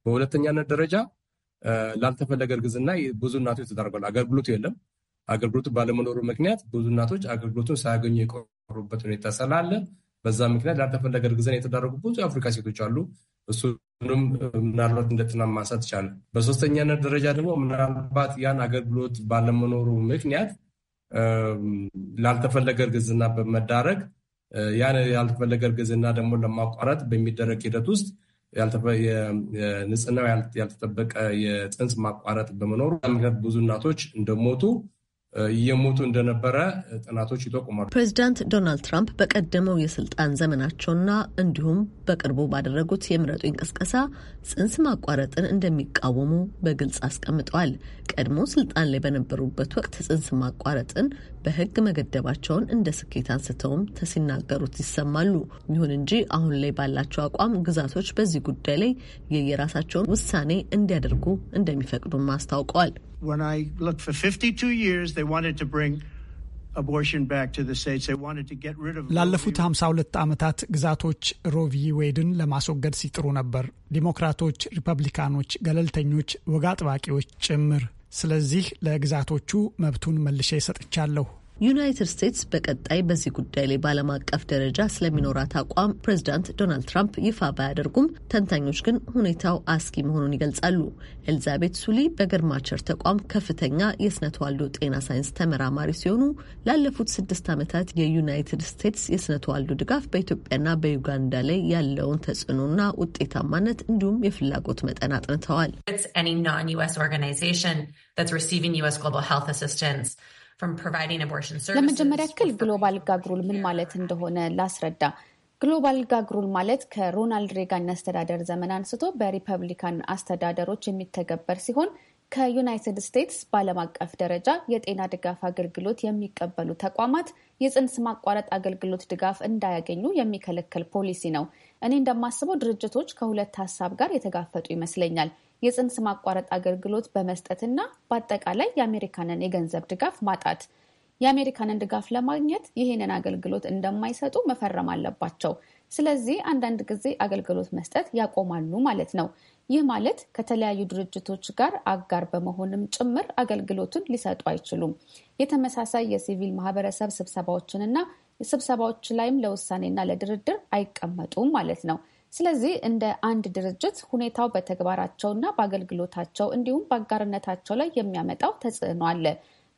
በሁለተኛነት ደረጃ ላልተፈለገ እርግዝና ብዙ እናቶች ተዳርጓል። አገልግሎቱ የለም። አገልግሎቱ ባለመኖሩ ምክንያት ብዙ እናቶች አገልግሎቱን ሳያገኙ የቆሩበት ሁኔታ ስላለ በዛ ምክንያት ላልተፈለገ እርግዝና የተዳረጉ ብዙ የአፍሪካ ሴቶች አሉ። እሱንም ምናልባት እንደ ጥናት ማንሳት ይቻላል። በሶስተኛነት ደረጃ ደግሞ ምናልባት ያን አገልግሎት ባለመኖሩ ምክንያት ላልተፈለገ እርግዝና በመዳረግ ያን ያልተፈለገ እርግዝና ደግሞ ለማቋረጥ በሚደረግ ሂደት ውስጥ ንጽህናው ያልተጠበቀ የፅንስ ማቋረጥ በመኖሩ ምክንያት ብዙ እናቶች እንደሞቱ እየሞቱ እንደነበረ ጥናቶች ይጠቁማሉ። ፕሬዚዳንት ዶናልድ ትራምፕ በቀደመው የስልጣን ዘመናቸውና እንዲሁም በቅርቡ ባደረጉት የምረጡ እንቅስቀሳ ጽንስ ማቋረጥን እንደሚቃወሙ በግልጽ አስቀምጠዋል። ቀድሞ ስልጣን ላይ በነበሩበት ወቅት ጽንስ ማቋረጥን በህግ መገደባቸውን እንደ ስኬት አንስተውም ሲናገሩት ይሰማሉ። ይሁን እንጂ አሁን ላይ ባላቸው አቋም ግዛቶች በዚህ ጉዳይ ላይ የየራሳቸውን ውሳኔ እንዲያደርጉ እንደሚፈቅዱም አስታውቀዋል። when I looked for 52 years, they wanted to bring ላለፉት 52 ዓመታት ግዛቶች ሮቪ ዌድን ለማስወገድ ሲጥሩ ነበር። ዲሞክራቶች፣ ሪፐብሊካኖች፣ ገለልተኞች፣ ወግ አጥባቂዎች ጭምር። ስለዚህ ለግዛቶቹ መብቱን መልሼ ሰጥቻለሁ። ዩናይትድ ስቴትስ በቀጣይ በዚህ ጉዳይ ላይ በዓለም አቀፍ ደረጃ ስለሚኖራት አቋም ፕሬዚዳንት ዶናልድ ትራምፕ ይፋ ባያደርጉም ተንታኞች ግን ሁኔታው አስጊ መሆኑን ይገልጻሉ። ኤልዛቤት ሱሊ በገርማቸር ተቋም ከፍተኛ የስነ ተዋልዶ ጤና ሳይንስ ተመራማሪ ሲሆኑ ላለፉት ስድስት ዓመታት የዩናይትድ ስቴትስ የስነ ተዋልዶ ድጋፍ በኢትዮጵያና በዩጋንዳ ላይ ያለውን ተጽዕኖና ውጤታማነት እንዲሁም የፍላጎት መጠን አጥንተዋል። ለመጀመሪያ ያክል ግሎባል ጋግሩል ምን ማለት እንደሆነ ላስረዳ። ግሎባል ጋግሩል ማለት ከሮናልድ ሬጋን አስተዳደር ዘመን አንስቶ በሪፐብሊካን አስተዳደሮች የሚተገበር ሲሆን ከዩናይትድ ስቴትስ በዓለም አቀፍ ደረጃ የጤና ድጋፍ አገልግሎት የሚቀበሉ ተቋማት የጽንስ ማቋረጥ አገልግሎት ድጋፍ እንዳያገኙ የሚከለከል ፖሊሲ ነው። እኔ እንደማስበው ድርጅቶች ከሁለት ሀሳብ ጋር የተጋፈጡ ይመስለኛል። የጽንስ ማቋረጥ አገልግሎት በመስጠትና በአጠቃላይ የአሜሪካንን የገንዘብ ድጋፍ ማጣት የአሜሪካንን ድጋፍ ለማግኘት ይህንን አገልግሎት እንደማይሰጡ መፈረም አለባቸው። ስለዚህ አንዳንድ ጊዜ አገልግሎት መስጠት ያቆማሉ ማለት ነው። ይህ ማለት ከተለያዩ ድርጅቶች ጋር አጋር በመሆንም ጭምር አገልግሎቱን ሊሰጡ አይችሉም። የተመሳሳይ የሲቪል ማህበረሰብ ስብሰባዎችንና ስብሰባዎች ላይም ለውሳኔና ለድርድር አይቀመጡም ማለት ነው። ስለዚህ እንደ አንድ ድርጅት ሁኔታው በተግባራቸውና በአገልግሎታቸው እንዲሁም በአጋርነታቸው ላይ የሚያመጣው ተጽዕኖ አለ።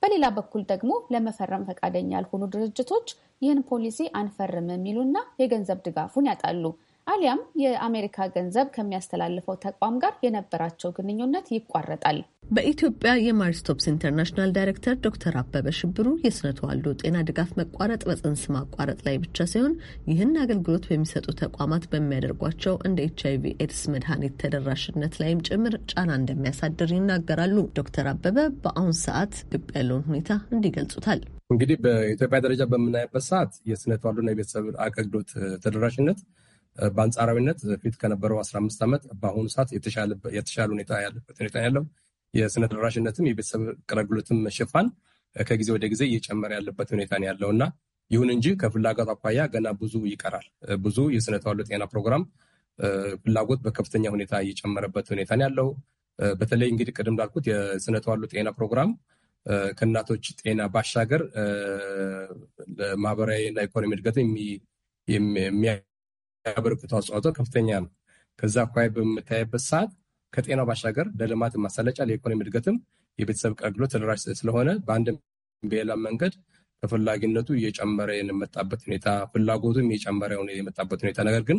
በሌላ በኩል ደግሞ ለመፈረም ፈቃደኛ ያልሆኑ ድርጅቶች ይህን ፖሊሲ አንፈርም የሚሉና የገንዘብ ድጋፉን ያጣሉ። አሊያም የአሜሪካ ገንዘብ ከሚያስተላልፈው ተቋም ጋር የነበራቸው ግንኙነት ይቋረጣል። በኢትዮጵያ የማሪስቶፕስ ኢንተርናሽናል ዳይሬክተር ዶክተር አበበ ሽብሩ የስነ ተዋልዶ ጤና ድጋፍ መቋረጥ በጽንስ ማቋረጥ ላይ ብቻ ሳይሆን ይህን አገልግሎት በሚሰጡ ተቋማት በሚያደርጓቸው እንደ ኤች አይቪ ኤድስ መድኃኒት ተደራሽነት ላይም ጭምር ጫና እንደሚያሳድር ይናገራሉ። ዶክተር አበበ በአሁን ሰዓት ኢትዮጵያ ያለውን ሁኔታ እንዲገልጹታል። እንግዲህ በኢትዮጵያ ደረጃ በምናይበት ሰዓት የስነ ተዋልዶና የቤተሰብ አገልግሎት ተደራሽነት በአንጻራዊነት ፊት ከነበረው 15 ዓመት በአሁኑ ሰዓት የተሻለ ሁኔታ ያለበት ሁኔታ ያለው የስነ ደራሽነትም የቤተሰብ አገልግሎትም ሽፋን ከጊዜ ወደ ጊዜ እየጨመረ ያለበት ሁኔታ ነው ያለው እና ይሁን እንጂ ከፍላጎት አኳያ ገና ብዙ ይቀራል። ብዙ የስነ ተዋልዶ ጤና ፕሮግራም ፍላጎት በከፍተኛ ሁኔታ እየጨመረበት ሁኔታ ነው ያለው። በተለይ እንግዲህ ቅድም እንዳልኩት የስነ ተዋልዶ ጤና ፕሮግራም ከእናቶች ጤና ባሻገር ለማህበራዊ እና ኢኮኖሚ እድገት ያበረክቱ አስተዋጽኦ ከፍተኛ ነው። ከዛ አኳያ በምታይበት ሰዓት ከጤናው ባሻገር ለልማት ማሳለጫ፣ ለኢኮኖሚ እድገትም የቤተሰብ አገልግሎት ተደራሽ ስለሆነ በአንድ በሌላ መንገድ ተፈላጊነቱ እየጨመረ የመጣበት ሁኔታ፣ ፍላጎቱም እየጨመረ የመጣበት ሁኔታ ነገር ግን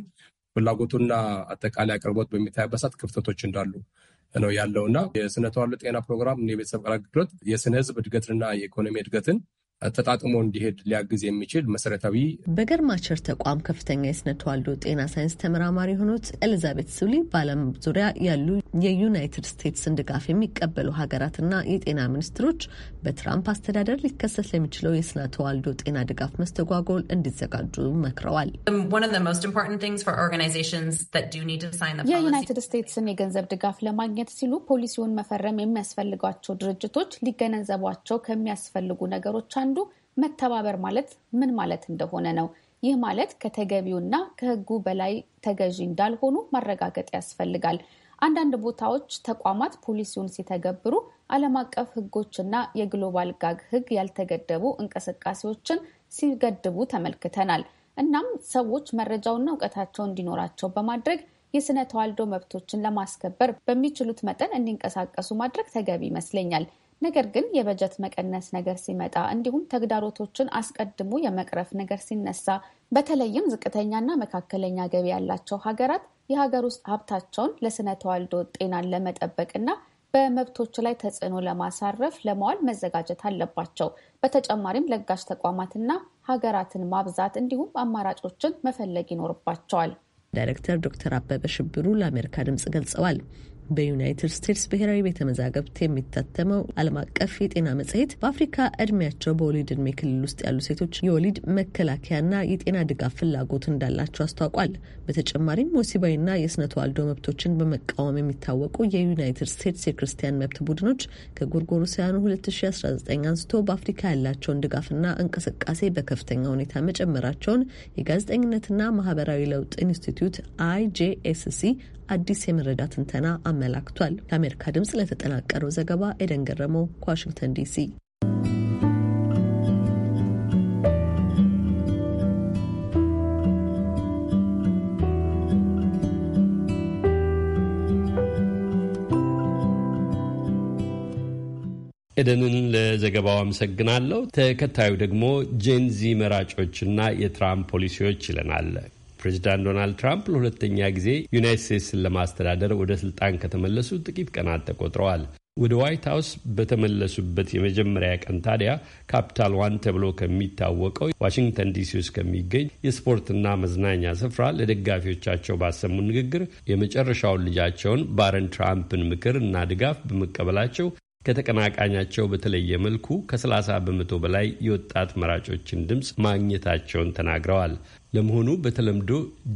ፍላጎቱና አጠቃላይ አቅርቦት በሚታይበት ሰዓት ክፍተቶች እንዳሉ ነው ያለውና የስነ ተዋልዶ ጤና ፕሮግራም የቤተሰብ አገልግሎት የስነ ህዝብ እድገትንና የኢኮኖሚ እድገትን ተጣጥሞ እንዲሄድ ሊያግዝ የሚችል መሰረታዊ በገርማቸር ተቋም ከፍተኛ የስነ ተዋልዶ ጤና ሳይንስ ተመራማሪ የሆኑት ኤልዛቤት ሱሊ በዓለም ዙሪያ ያሉ የዩናይትድ ስቴትስን ድጋፍ የሚቀበሉ ሀገራትና የጤና ሚኒስትሮች በትራምፕ አስተዳደር ሊከሰት ለሚችለው የስነ ተዋልዶ ጤና ድጋፍ መስተጓጎል እንዲዘጋጁ መክረዋል። የዩናይትድ ስቴትስን የገንዘብ ድጋፍ ለማግኘት ሲሉ ፖሊሲውን መፈረም የሚያስፈልጓቸው ድርጅቶች ሊገነዘቧቸው ከሚያስፈልጉ ነገሮች አንዱ መተባበር ማለት ምን ማለት እንደሆነ ነው። ይህ ማለት ከተገቢውና ከሕጉ በላይ ተገዢ እንዳልሆኑ ማረጋገጥ ያስፈልጋል። አንዳንድ ቦታዎች ተቋማት ፖሊሲውን ሲተገብሩ ዓለም አቀፍ ሕጎችና የግሎባል ጋግ ሕግ ያልተገደቡ እንቅስቃሴዎችን ሲገድቡ ተመልክተናል። እናም ሰዎች መረጃውና እውቀታቸው እንዲኖራቸው በማድረግ የስነ ተዋልዶ መብቶችን ለማስከበር በሚችሉት መጠን እንዲንቀሳቀሱ ማድረግ ተገቢ ይመስለኛል። ነገር ግን የበጀት መቀነስ ነገር ሲመጣ እንዲሁም ተግዳሮቶችን አስቀድሞ የመቅረፍ ነገር ሲነሳ በተለይም ዝቅተኛና መካከለኛ ገቢ ያላቸው ሀገራት የሀገር ውስጥ ሀብታቸውን ለስነ ተዋልዶ ጤናን ለመጠበቅና በመብቶች ላይ ተጽዕኖ ለማሳረፍ ለመዋል መዘጋጀት አለባቸው። በተጨማሪም ለጋሽ ተቋማትና ሀገራትን ማብዛት እንዲሁም አማራጮችን መፈለግ ይኖርባቸዋል። ዳይሬክተር ዶክተር አበበ ሽብሩ ለአሜሪካ ድምጽ ገልጸዋል። በዩናይትድ ስቴትስ ብሔራዊ ቤተ መዛግብት የሚታተመው ዓለም አቀፍ የጤና መጽሔት በአፍሪካ እድሜያቸው በወሊድ እድሜ ክልል ውስጥ ያሉ ሴቶች የወሊድ መከላከያና የጤና ድጋፍ ፍላጎት እንዳላቸው አስታውቋል። በተጨማሪም ወሲባዊና የስነ ተዋልዶ መብቶችን በመቃወም የሚታወቁ የዩናይትድ ስቴትስ የክርስቲያን መብት ቡድኖች ከጎርጎሮሳውያኑ 2019 አንስቶ በአፍሪካ ያላቸውን ድጋፍና እንቅስቃሴ በከፍተኛ ሁኔታ መጨመራቸውን የጋዜጠኝነትና ማህበራዊ ለውጥ ኢንስቲትዩት አይጄኤስሲ አዲስ የመረጃ ትንተና አመላክቷል። ለአሜሪካ ድምፅ ለተጠናቀረው ዘገባ ኤደን ገረመው ከዋሽንግተን ዲሲ። ኤደንን ለዘገባው አመሰግናለሁ። ተከታዩ ደግሞ ጄንዚ መራጮችና የትራምፕ ፖሊሲዎች ይለናል። ፕሬዚዳንት ዶናልድ ትራምፕ ለሁለተኛ ጊዜ ዩናይት ስቴትስን ለማስተዳደር ወደ ስልጣን ከተመለሱ ጥቂት ቀናት ተቆጥረዋል። ወደ ዋይት ሀውስ በተመለሱበት የመጀመሪያ ቀን ታዲያ ካፒታል ዋን ተብሎ ከሚታወቀው ዋሽንግተን ዲሲ ውስጥ ከሚገኝ የስፖርትና መዝናኛ ስፍራ ለደጋፊዎቻቸው ባሰሙ ንግግር የመጨረሻውን ልጃቸውን ባረን ትራምፕን ምክር እና ድጋፍ በመቀበላቸው ከተቀናቃኛቸው በተለየ መልኩ ከ30 በመቶ በላይ የወጣት መራጮችን ድምፅ ማግኘታቸውን ተናግረዋል። ለመሆኑ በተለምዶ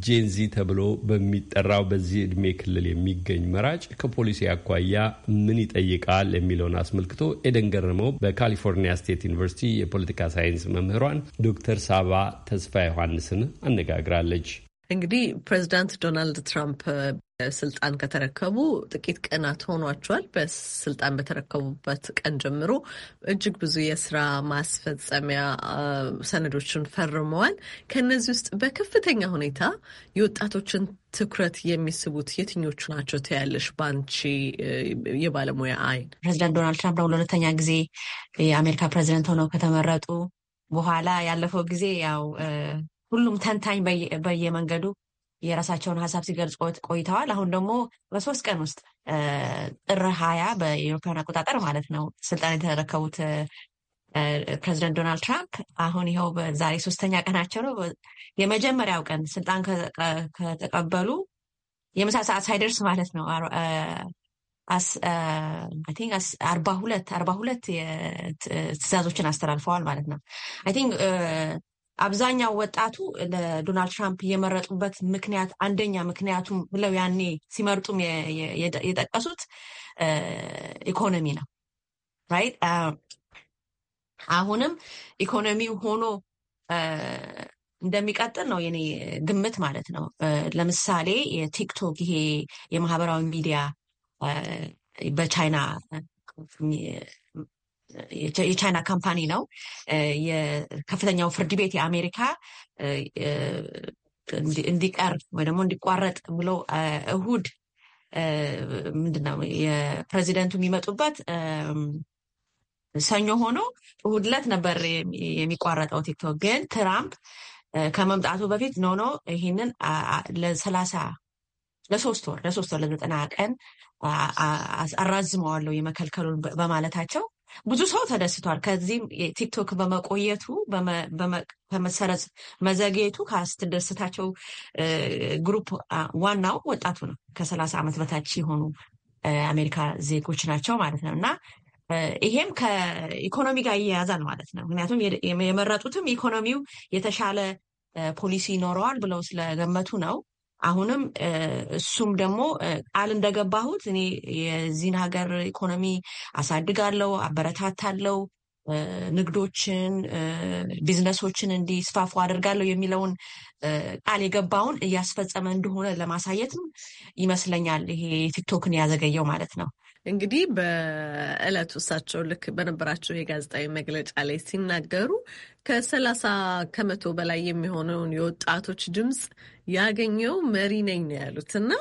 ጄንዚ ተብሎ በሚጠራው በዚህ ዕድሜ ክልል የሚገኝ መራጭ ከፖሊሲ አኳያ ምን ይጠይቃል የሚለውን አስመልክቶ ኤደን ገረመው በካሊፎርኒያ ስቴት ዩኒቨርሲቲ የፖለቲካ ሳይንስ መምህሯን ዶክተር ሳባ ተስፋ ዮሐንስን አነጋግራለች። እንግዲህ ፕሬዚዳንት ዶናልድ ትራምፕ ስልጣን ከተረከቡ ጥቂት ቀናት ሆኗቸዋል። በስልጣን በተረከቡበት ቀን ጀምሮ እጅግ ብዙ የስራ ማስፈጸሚያ ሰነዶችን ፈርመዋል። ከነዚህ ውስጥ በከፍተኛ ሁኔታ የወጣቶችን ትኩረት የሚስቡት የትኞቹ ናቸው ትያለሽ? በአንቺ የባለሙያ አይን። ፕሬዚደንት ዶናልድ ትራምፕ ለሁለተኛ ጊዜ የአሜሪካ ፕሬዚደንት ሆነው ከተመረጡ በኋላ ያለፈው ጊዜ ያው ሁሉም ተንታኝ በየመንገዱ የራሳቸውን ሀሳብ ሲገልጽ ቆይተዋል። አሁን ደግሞ በሶስት ቀን ውስጥ ጥር ሀያ በአውሮፓውያን አቆጣጠር ማለት ነው ስልጣን የተረከቡት ፕሬዚደንት ዶናልድ ትራምፕ አሁን ይኸው በዛሬ ሶስተኛ ቀናቸው ነው። የመጀመሪያው ቀን ስልጣን ከተቀበሉ የምሳ ሰዓት ሳይደርስ ማለት ነው አርባ ሁለት አርባ ሁለት አስተላልፈዋል ማለት ነው። አይ ቲንክ አብዛኛው ወጣቱ ለዶናልድ ትራምፕ የመረጡበት ምክንያት አንደኛ ምክንያቱም ብለው ያኔ ሲመርጡም የጠቀሱት ኢኮኖሚ ነው። ራይት አሁንም ኢኮኖሚ ሆኖ እንደሚቀጥል ነው የኔ ግምት ማለት ነው። ለምሳሌ የቲክቶክ ይሄ የማህበራዊ ሚዲያ በቻይና የቻይና ካምፓኒ ነው። የከፍተኛው ፍርድ ቤት የአሜሪካ እንዲቀር ወይ ደግሞ እንዲቋረጥ ብሎ እሁድ ምንድነው የፕሬዚደንቱ የሚመጡበት ሰኞ ሆኖ እሁድ ዕለት ነበር የሚቋረጠው። ቲክቶክ ግን ትራምፕ ከመምጣቱ በፊት ኖ ኖ ይህንን ለሰላሳ ለሶስት ወር ለሶስት ወር ለዘጠና ቀን አራዝመዋለሁ የመከልከሉን በማለታቸው ብዙ ሰው ተደስቷል። ከዚህም ቲክቶክ በመቆየቱ በመሰረዝ መዘግየቱ ካስደሰታቸው ግሩፕ ዋናው ወጣቱ ነው። ከሰላሳ ዓመት በታች የሆኑ አሜሪካ ዜጎች ናቸው ማለት ነው እና ይሄም ከኢኮኖሚ ጋር እያያዛል ማለት ነው። ምክንያቱም የመረጡትም ኢኮኖሚው የተሻለ ፖሊሲ ይኖረዋል ብለው ስለገመቱ ነው። አሁንም እሱም ደግሞ ቃል እንደገባሁት እኔ የዚህን ሀገር ኢኮኖሚ አሳድጋለሁ፣ አበረታታለው ንግዶችን፣ ቢዝነሶችን እንዲስፋፉ አድርጋለሁ የሚለውን ቃል የገባውን እያስፈጸመ እንደሆነ ለማሳየትም ይመስለኛል ይሄ ቲክቶክን ያዘገየው ማለት ነው። እንግዲህ በእለቱ እሳቸው ልክ በነበራቸው የጋዜጣዊ መግለጫ ላይ ሲናገሩ ከሰላሳ ከመቶ በላይ የሚሆነውን የወጣቶች ድምፅ ያገኘው መሪ ነኝ ነው ያሉት እና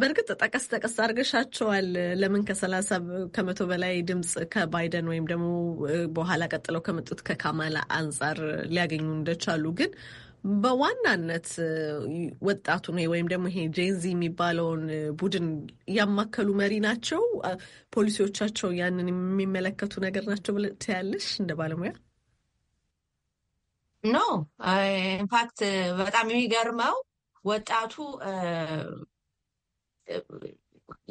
በእርግጥ ጠቀስ ጠቀስ አድርገሻቸዋል። ለምን ከሰላሳ ከመቶ በላይ ድምፅ ከባይደን ወይም ደግሞ በኋላ ቀጥለው ከመጡት ከካማላ አንጻር ሊያገኙ እንደቻሉ ግን በዋናነት ወጣቱን ወይም ደግሞ ይሄ ጄንዚ የሚባለውን ቡድን እያማከሉ መሪ ናቸው። ፖሊሲዎቻቸው ያንን የሚመለከቱ ነገር ናቸው ብለሽ ትያለሽ እንደ ባለሙያ? ኖ ኢንፋክት በጣም የሚገርመው ወጣቱ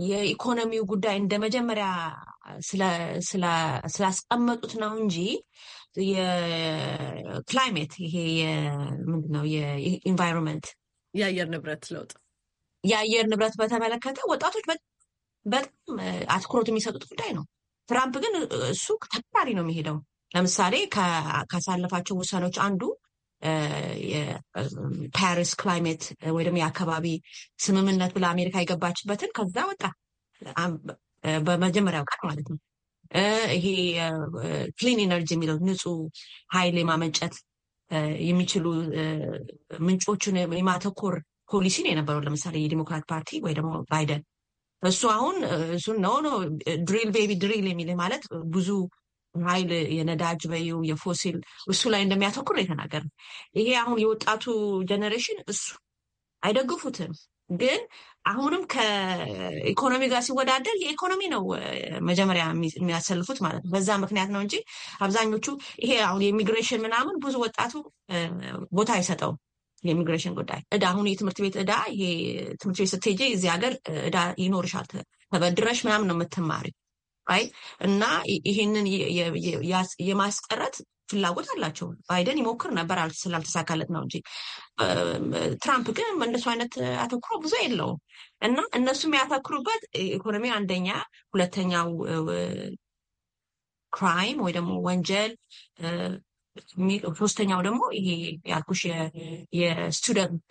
የኢኮኖሚው ጉዳይ እንደ መጀመሪያ ስላስቀመጡት ነው እንጂ የክላይሜት ይሄ ምንድነው የኢንቫይሮንመንት የአየር ንብረት ለውጥ የአየር ንብረት በተመለከተ ወጣቶች በጣም አትኩሮት የሚሰጡት ጉዳይ ነው። ትራምፕ ግን እሱ ተቃራኒ ነው የሚሄደው። ለምሳሌ ካሳለፋቸው ውሳኔዎች አንዱ የፓሪስ ክላይሜት ወይ ደግሞ የአካባቢ ስምምነት ብላ አሜሪካ የገባችበትን ከዛ ወጣ በመጀመሪያው ቀን ማለት ነው። ይሄ ክሊን ኤነርጂ የሚለው ንጹህ ኃይል የማመንጨት የሚችሉ ምንጮቹን የማተኮር ፖሊሲ ነው የነበረው። ለምሳሌ የዲሞክራት ፓርቲ ወይ ደግሞ ባይደን እሱ አሁን እሱን ነው ነው ድሪል ቤቢ ድሪል የሚል ማለት ብዙ ኃይል የነዳጅ በዩ የፎሲል እሱ ላይ እንደሚያተኩር ነው የተናገር። ይሄ አሁን የወጣቱ ጀኔሬሽን እሱ አይደግፉትም፣ ግን አሁንም ከኢኮኖሚ ጋር ሲወዳደር የኢኮኖሚ ነው መጀመሪያ የሚያሰልፉት ማለት ነው። በዛ ምክንያት ነው እንጂ አብዛኞቹ ይሄ አሁን የኢሚግሬሽን ምናምን ብዙ ወጣቱ ቦታ አይሰጠውም። የኢሚግሬሽን ጉዳይ እዳ፣ አሁን የትምህርት ቤት እዳ፣ ይሄ ትምህርት ቤት ስትሄጂ እዚህ ሀገር እዳ ይኖርሻል ተበድረሽ ምናምን ነው የምትማሪ አይ እና ይህንን የማስቀረት ፍላጎት አላቸው። ባይደን ይሞክር ነበር ስላልተሳካለት ነው እንጂ ትራምፕ ግን እንደሱ አይነት አተኩሮ ብዙ የለውም እና እነሱም ያተኩሩበት ኢኮኖሚ አንደኛ፣ ሁለተኛው ክራይም ወይ ደግሞ ወንጀል ሶስተኛው ደግሞ ይሄ ያልኩሽ የስቱደንት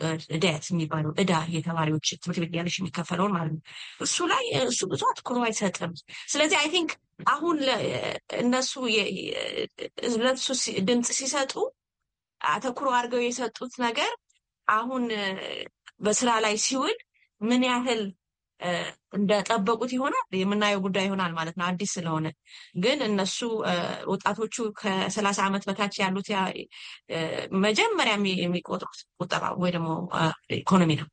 ደት የሚባለው እዳ የተማሪዎች ትምህርት ቤት ያለሽ የሚከፈለውን ማለት ነው። እሱ ላይ እሱ ብዙ አትኩሮ አይሰጥም። ስለዚህ አይ ቲንክ አሁን እነሱ ለሱ ድምፅ ሲሰጡ አተኩሮ አድርገው የሰጡት ነገር አሁን በስራ ላይ ሲውል ምን ያህል እንደጠበቁት ይሆናል የምናየው ጉዳይ ይሆናል ማለት ነው። አዲስ ስለሆነ ግን እነሱ ወጣቶቹ ከሰላሳ ዓመት በታች ያሉት መጀመሪያ የሚቆጥሩት ቁጠባ ወይ ደግሞ ኢኮኖሚ ነው።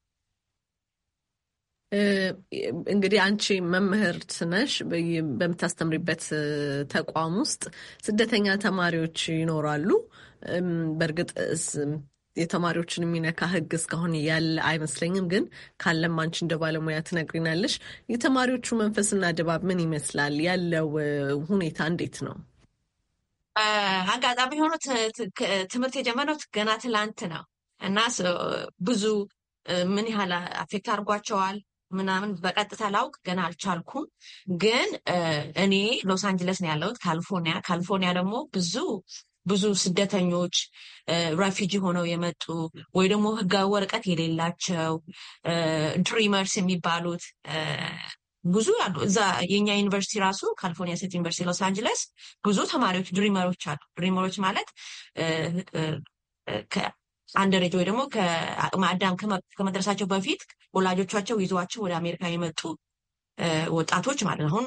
እንግዲህ አንቺ መምህርት ነሽ። በምታስተምሪበት ተቋም ውስጥ ስደተኛ ተማሪዎች ይኖራሉ። በእርግጥ የተማሪዎችን የሚነካ ህግ እስካሁን ያለ አይመስለኝም። ግን ካለም አንቺ እንደ ባለሙያ ትነግሪናለሽ። የተማሪዎቹ መንፈስና ድባብ ምን ይመስላል? ያለው ሁኔታ እንዴት ነው? አጋጣሚ ሆኖ ትምህርት የጀመረው ገና ትላንት ነው እና ብዙ ምን ያህል አፌክት አድርጓቸዋል ምናምን በቀጥታ ላውቅ ገና አልቻልኩም። ግን እኔ ሎስ አንጀለስ ነው ያለሁት ካሊፎርኒያ። ካሊፎርኒያ ደግሞ ብዙ ብዙ ስደተኞች ራፊጂ ሆነው የመጡ ወይ ደግሞ ህጋዊ ወረቀት የሌላቸው ድሪመርስ የሚባሉት ብዙ አሉ። እዛ የኛ ዩኒቨርሲቲ ራሱ ካሊፎርኒያ ስቴት ዩኒቨርሲቲ ሎስ አንጀለስ ብዙ ተማሪዎች ድሪመሮች አሉ። ድሪመሮች ማለት አንድ ደረጃ ወይ ደግሞ ከማዳም ከመድረሳቸው በፊት ወላጆቻቸው ይዟቸው ወደ አሜሪካ የመጡ ወጣቶች ማለት አሁን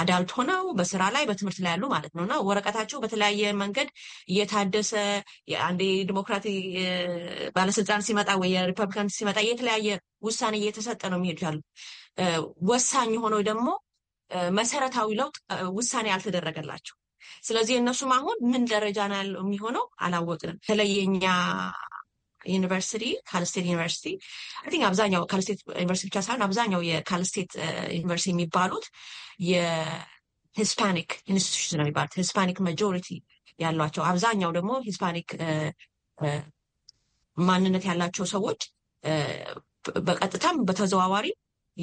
አዳልት ሆነው በስራ ላይ በትምህርት ላይ ያሉ ማለት ነው እና ወረቀታቸው በተለያየ መንገድ እየታደሰ አንዴ ዲሞክራቲ ባለስልጣን ሲመጣ ወይ ሪፐብሊካን ሲመጣ የተለያየ ውሳኔ እየተሰጠ ነው የሚሄዱ ያሉ ወሳኝ ሆነው ደግሞ መሰረታዊ ለውጥ ውሳኔ ያልተደረገላቸው ስለዚህ እነሱም አሁን ምን ደረጃ ነው የሚሆነው አላወቅንም። ተለየኛ ዩኒቨርሲቲ ካልስቴት ዩኒቨርሲቲ አይ ቲንክ አብዛኛው ካልስቴት ዩኒቨርሲቲ ብቻ ሳይሆን አብዛኛው የካልስቴት ዩኒቨርሲቲ የሚባሉት የሂስፓኒክ ኢንስቲቱሽን ነው የሚባሉት። ሂስፓኒክ ማጆሪቲ ያሏቸው አብዛኛው ደግሞ ሂስፓኒክ ማንነት ያላቸው ሰዎች በቀጥታም በተዘዋዋሪ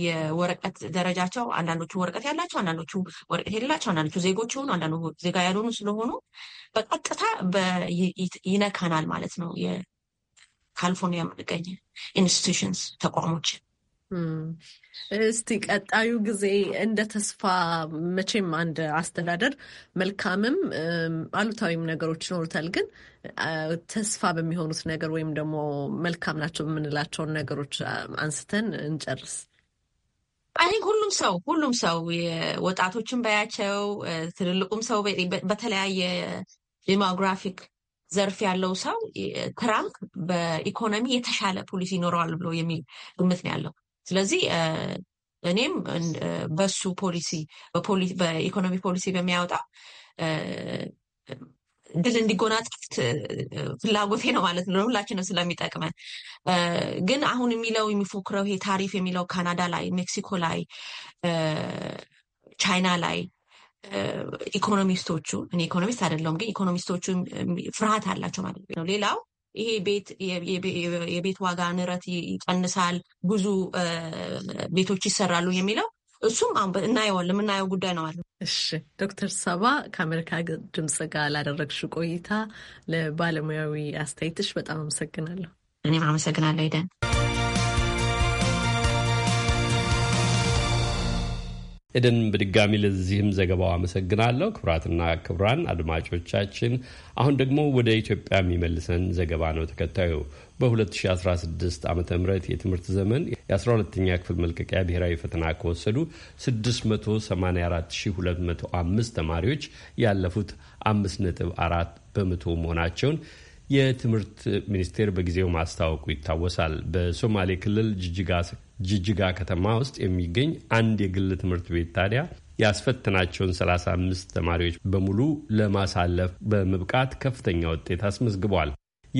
የወረቀት ደረጃቸው አንዳንዶቹ ወረቀት ያላቸው፣ አንዳንዶቹ ወረቀት የሌላቸው፣ አንዳንዶቹ ዜጎች የሆኑ፣ አንዳንዱ ዜጋ ያልሆኑ ስለሆኑ በቀጥታ ይነካናል ማለት ነው ካሊፎርኒያ የምንገኝ ኢንስቲቱሽንስ ተቋሞች እስቲ ቀጣዩ ጊዜ እንደ ተስፋ መቼም አንድ አስተዳደር መልካምም አሉታዊም ነገሮች ይኖሩታል። ግን ተስፋ በሚሆኑት ነገር ወይም ደግሞ መልካም ናቸው የምንላቸውን ነገሮች አንስተን እንጨርስ። አይ ሁሉም ሰው ሁሉም ሰው ወጣቶችን በያቸው ትልልቁም ሰው በተለያየ ዲሞግራፊክ ዘርፍ ያለው ሰው ትራምፕ በኢኮኖሚ የተሻለ ፖሊሲ ይኖረዋል ብሎ የሚል ግምት ነው ያለው። ስለዚህ እኔም በሱ ፖሊሲ በኢኮኖሚ ፖሊሲ በሚያወጣው ድል እንዲጎናጸፍ ፍላጎቴ ነው ማለት ነው። ለሁላችንም ስለሚጠቅመን ግን አሁን የሚለው የሚፎክረው ይሄ ታሪፍ የሚለው ካናዳ ላይ፣ ሜክሲኮ ላይ፣ ቻይና ላይ ኢኮኖሚስቶቹ እኔ ኢኮኖሚስት አይደለውም ግን ኢኮኖሚስቶቹ ፍርሃት አላቸው ማለት ነው። ሌላው ይሄ ቤት የቤት ዋጋ ንረት ይቀንሳል፣ ብዙ ቤቶች ይሰራሉ የሚለው እሱም እናየዋለን የምናየው ጉዳይ ነው አለ። እሺ ዶክተር ሰባ ከአሜሪካ ድምፅ ጋር ላደረግሽው ቆይታ ለባለሙያዊ አስተያየትሽ በጣም አመሰግናለሁ። እኔም አመሰግናለሁ ሄደን ኤደን፣ በድጋሚ ለዚህም ዘገባው አመሰግናለሁ። ክብራትና ክብራን አድማጮቻችን አሁን ደግሞ ወደ ኢትዮጵያ የሚመልሰን ዘገባ ነው ተከታዩ። በ2016 ዓ ም የትምህርት ዘመን የ12ኛ ክፍል መልቀቂያ ብሔራዊ ፈተና ከወሰዱ 684205 ተማሪዎች ያለፉት 5.4 በመቶ መሆናቸውን የትምህርት ሚኒስቴር በጊዜው ማስታወቁ ይታወሳል። በሶማሌ ክልል ጅጅጋ ጅጅጋ ከተማ ውስጥ የሚገኝ አንድ የግል ትምህርት ቤት ታዲያ ያስፈተናቸውን 35 ተማሪዎች በሙሉ ለማሳለፍ በመብቃት ከፍተኛ ውጤት አስመዝግቧል።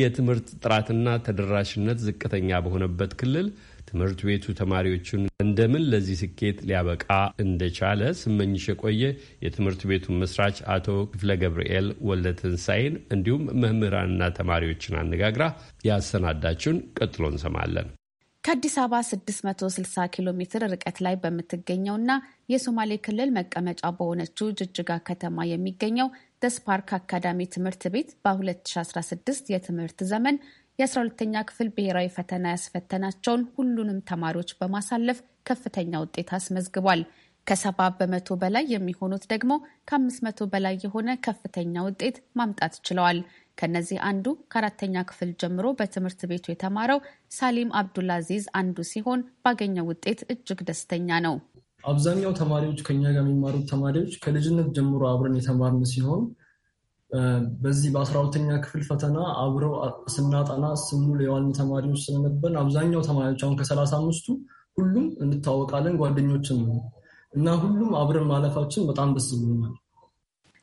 የትምህርት ጥራትና ተደራሽነት ዝቅተኛ በሆነበት ክልል ትምህርት ቤቱ ተማሪዎቹን እንደምን ለዚህ ስኬት ሊያበቃ እንደቻለ ስመኝሽ የቆየ የትምህርት ቤቱን መስራች አቶ ክፍለ ገብርኤል ወልደትንሳኤን እንዲሁም መምህራንና ተማሪዎችን አነጋግራ ያሰናዳችውን ቀጥሎ እንሰማለን። ከአዲስ አበባ 660 ኪሎ ሜትር ርቀት ላይ በምትገኘውና የሶማሌ ክልል መቀመጫ በሆነችው ጅጅጋ ከተማ የሚገኘው ደስፓርክ አካዳሚ ትምህርት ቤት በ2016 የትምህርት ዘመን የ12ተኛ ክፍል ብሔራዊ ፈተና ያስፈተናቸውን ሁሉንም ተማሪዎች በማሳለፍ ከፍተኛ ውጤት አስመዝግቧል። ከሰባ በመቶ በላይ የሚሆኑት ደግሞ ከአምስት መቶ በላይ የሆነ ከፍተኛ ውጤት ማምጣት ችለዋል። ከነዚህ አንዱ ከአራተኛ ክፍል ጀምሮ በትምህርት ቤቱ የተማረው ሳሊም አብዱልአዚዝ አንዱ ሲሆን ባገኘው ውጤት እጅግ ደስተኛ ነው። አብዛኛው ተማሪዎች ከኛ ጋር የሚማሩት ተማሪዎች ከልጅነት ጀምሮ አብረን የተማርን ሲሆን በዚህ በአስራ ሁለተኛ ክፍል ፈተና አብረው ስናጠና ስሙ የዋን ተማሪዎች ስለነበርን አብዛኛው ተማሪዎች አሁን ከሰላሳ አምስቱ ሁሉም እንታወቃለን ጓደኞችን ነው እና ሁሉም አብረን ማለፋችን በጣም ደስ ብሎናል።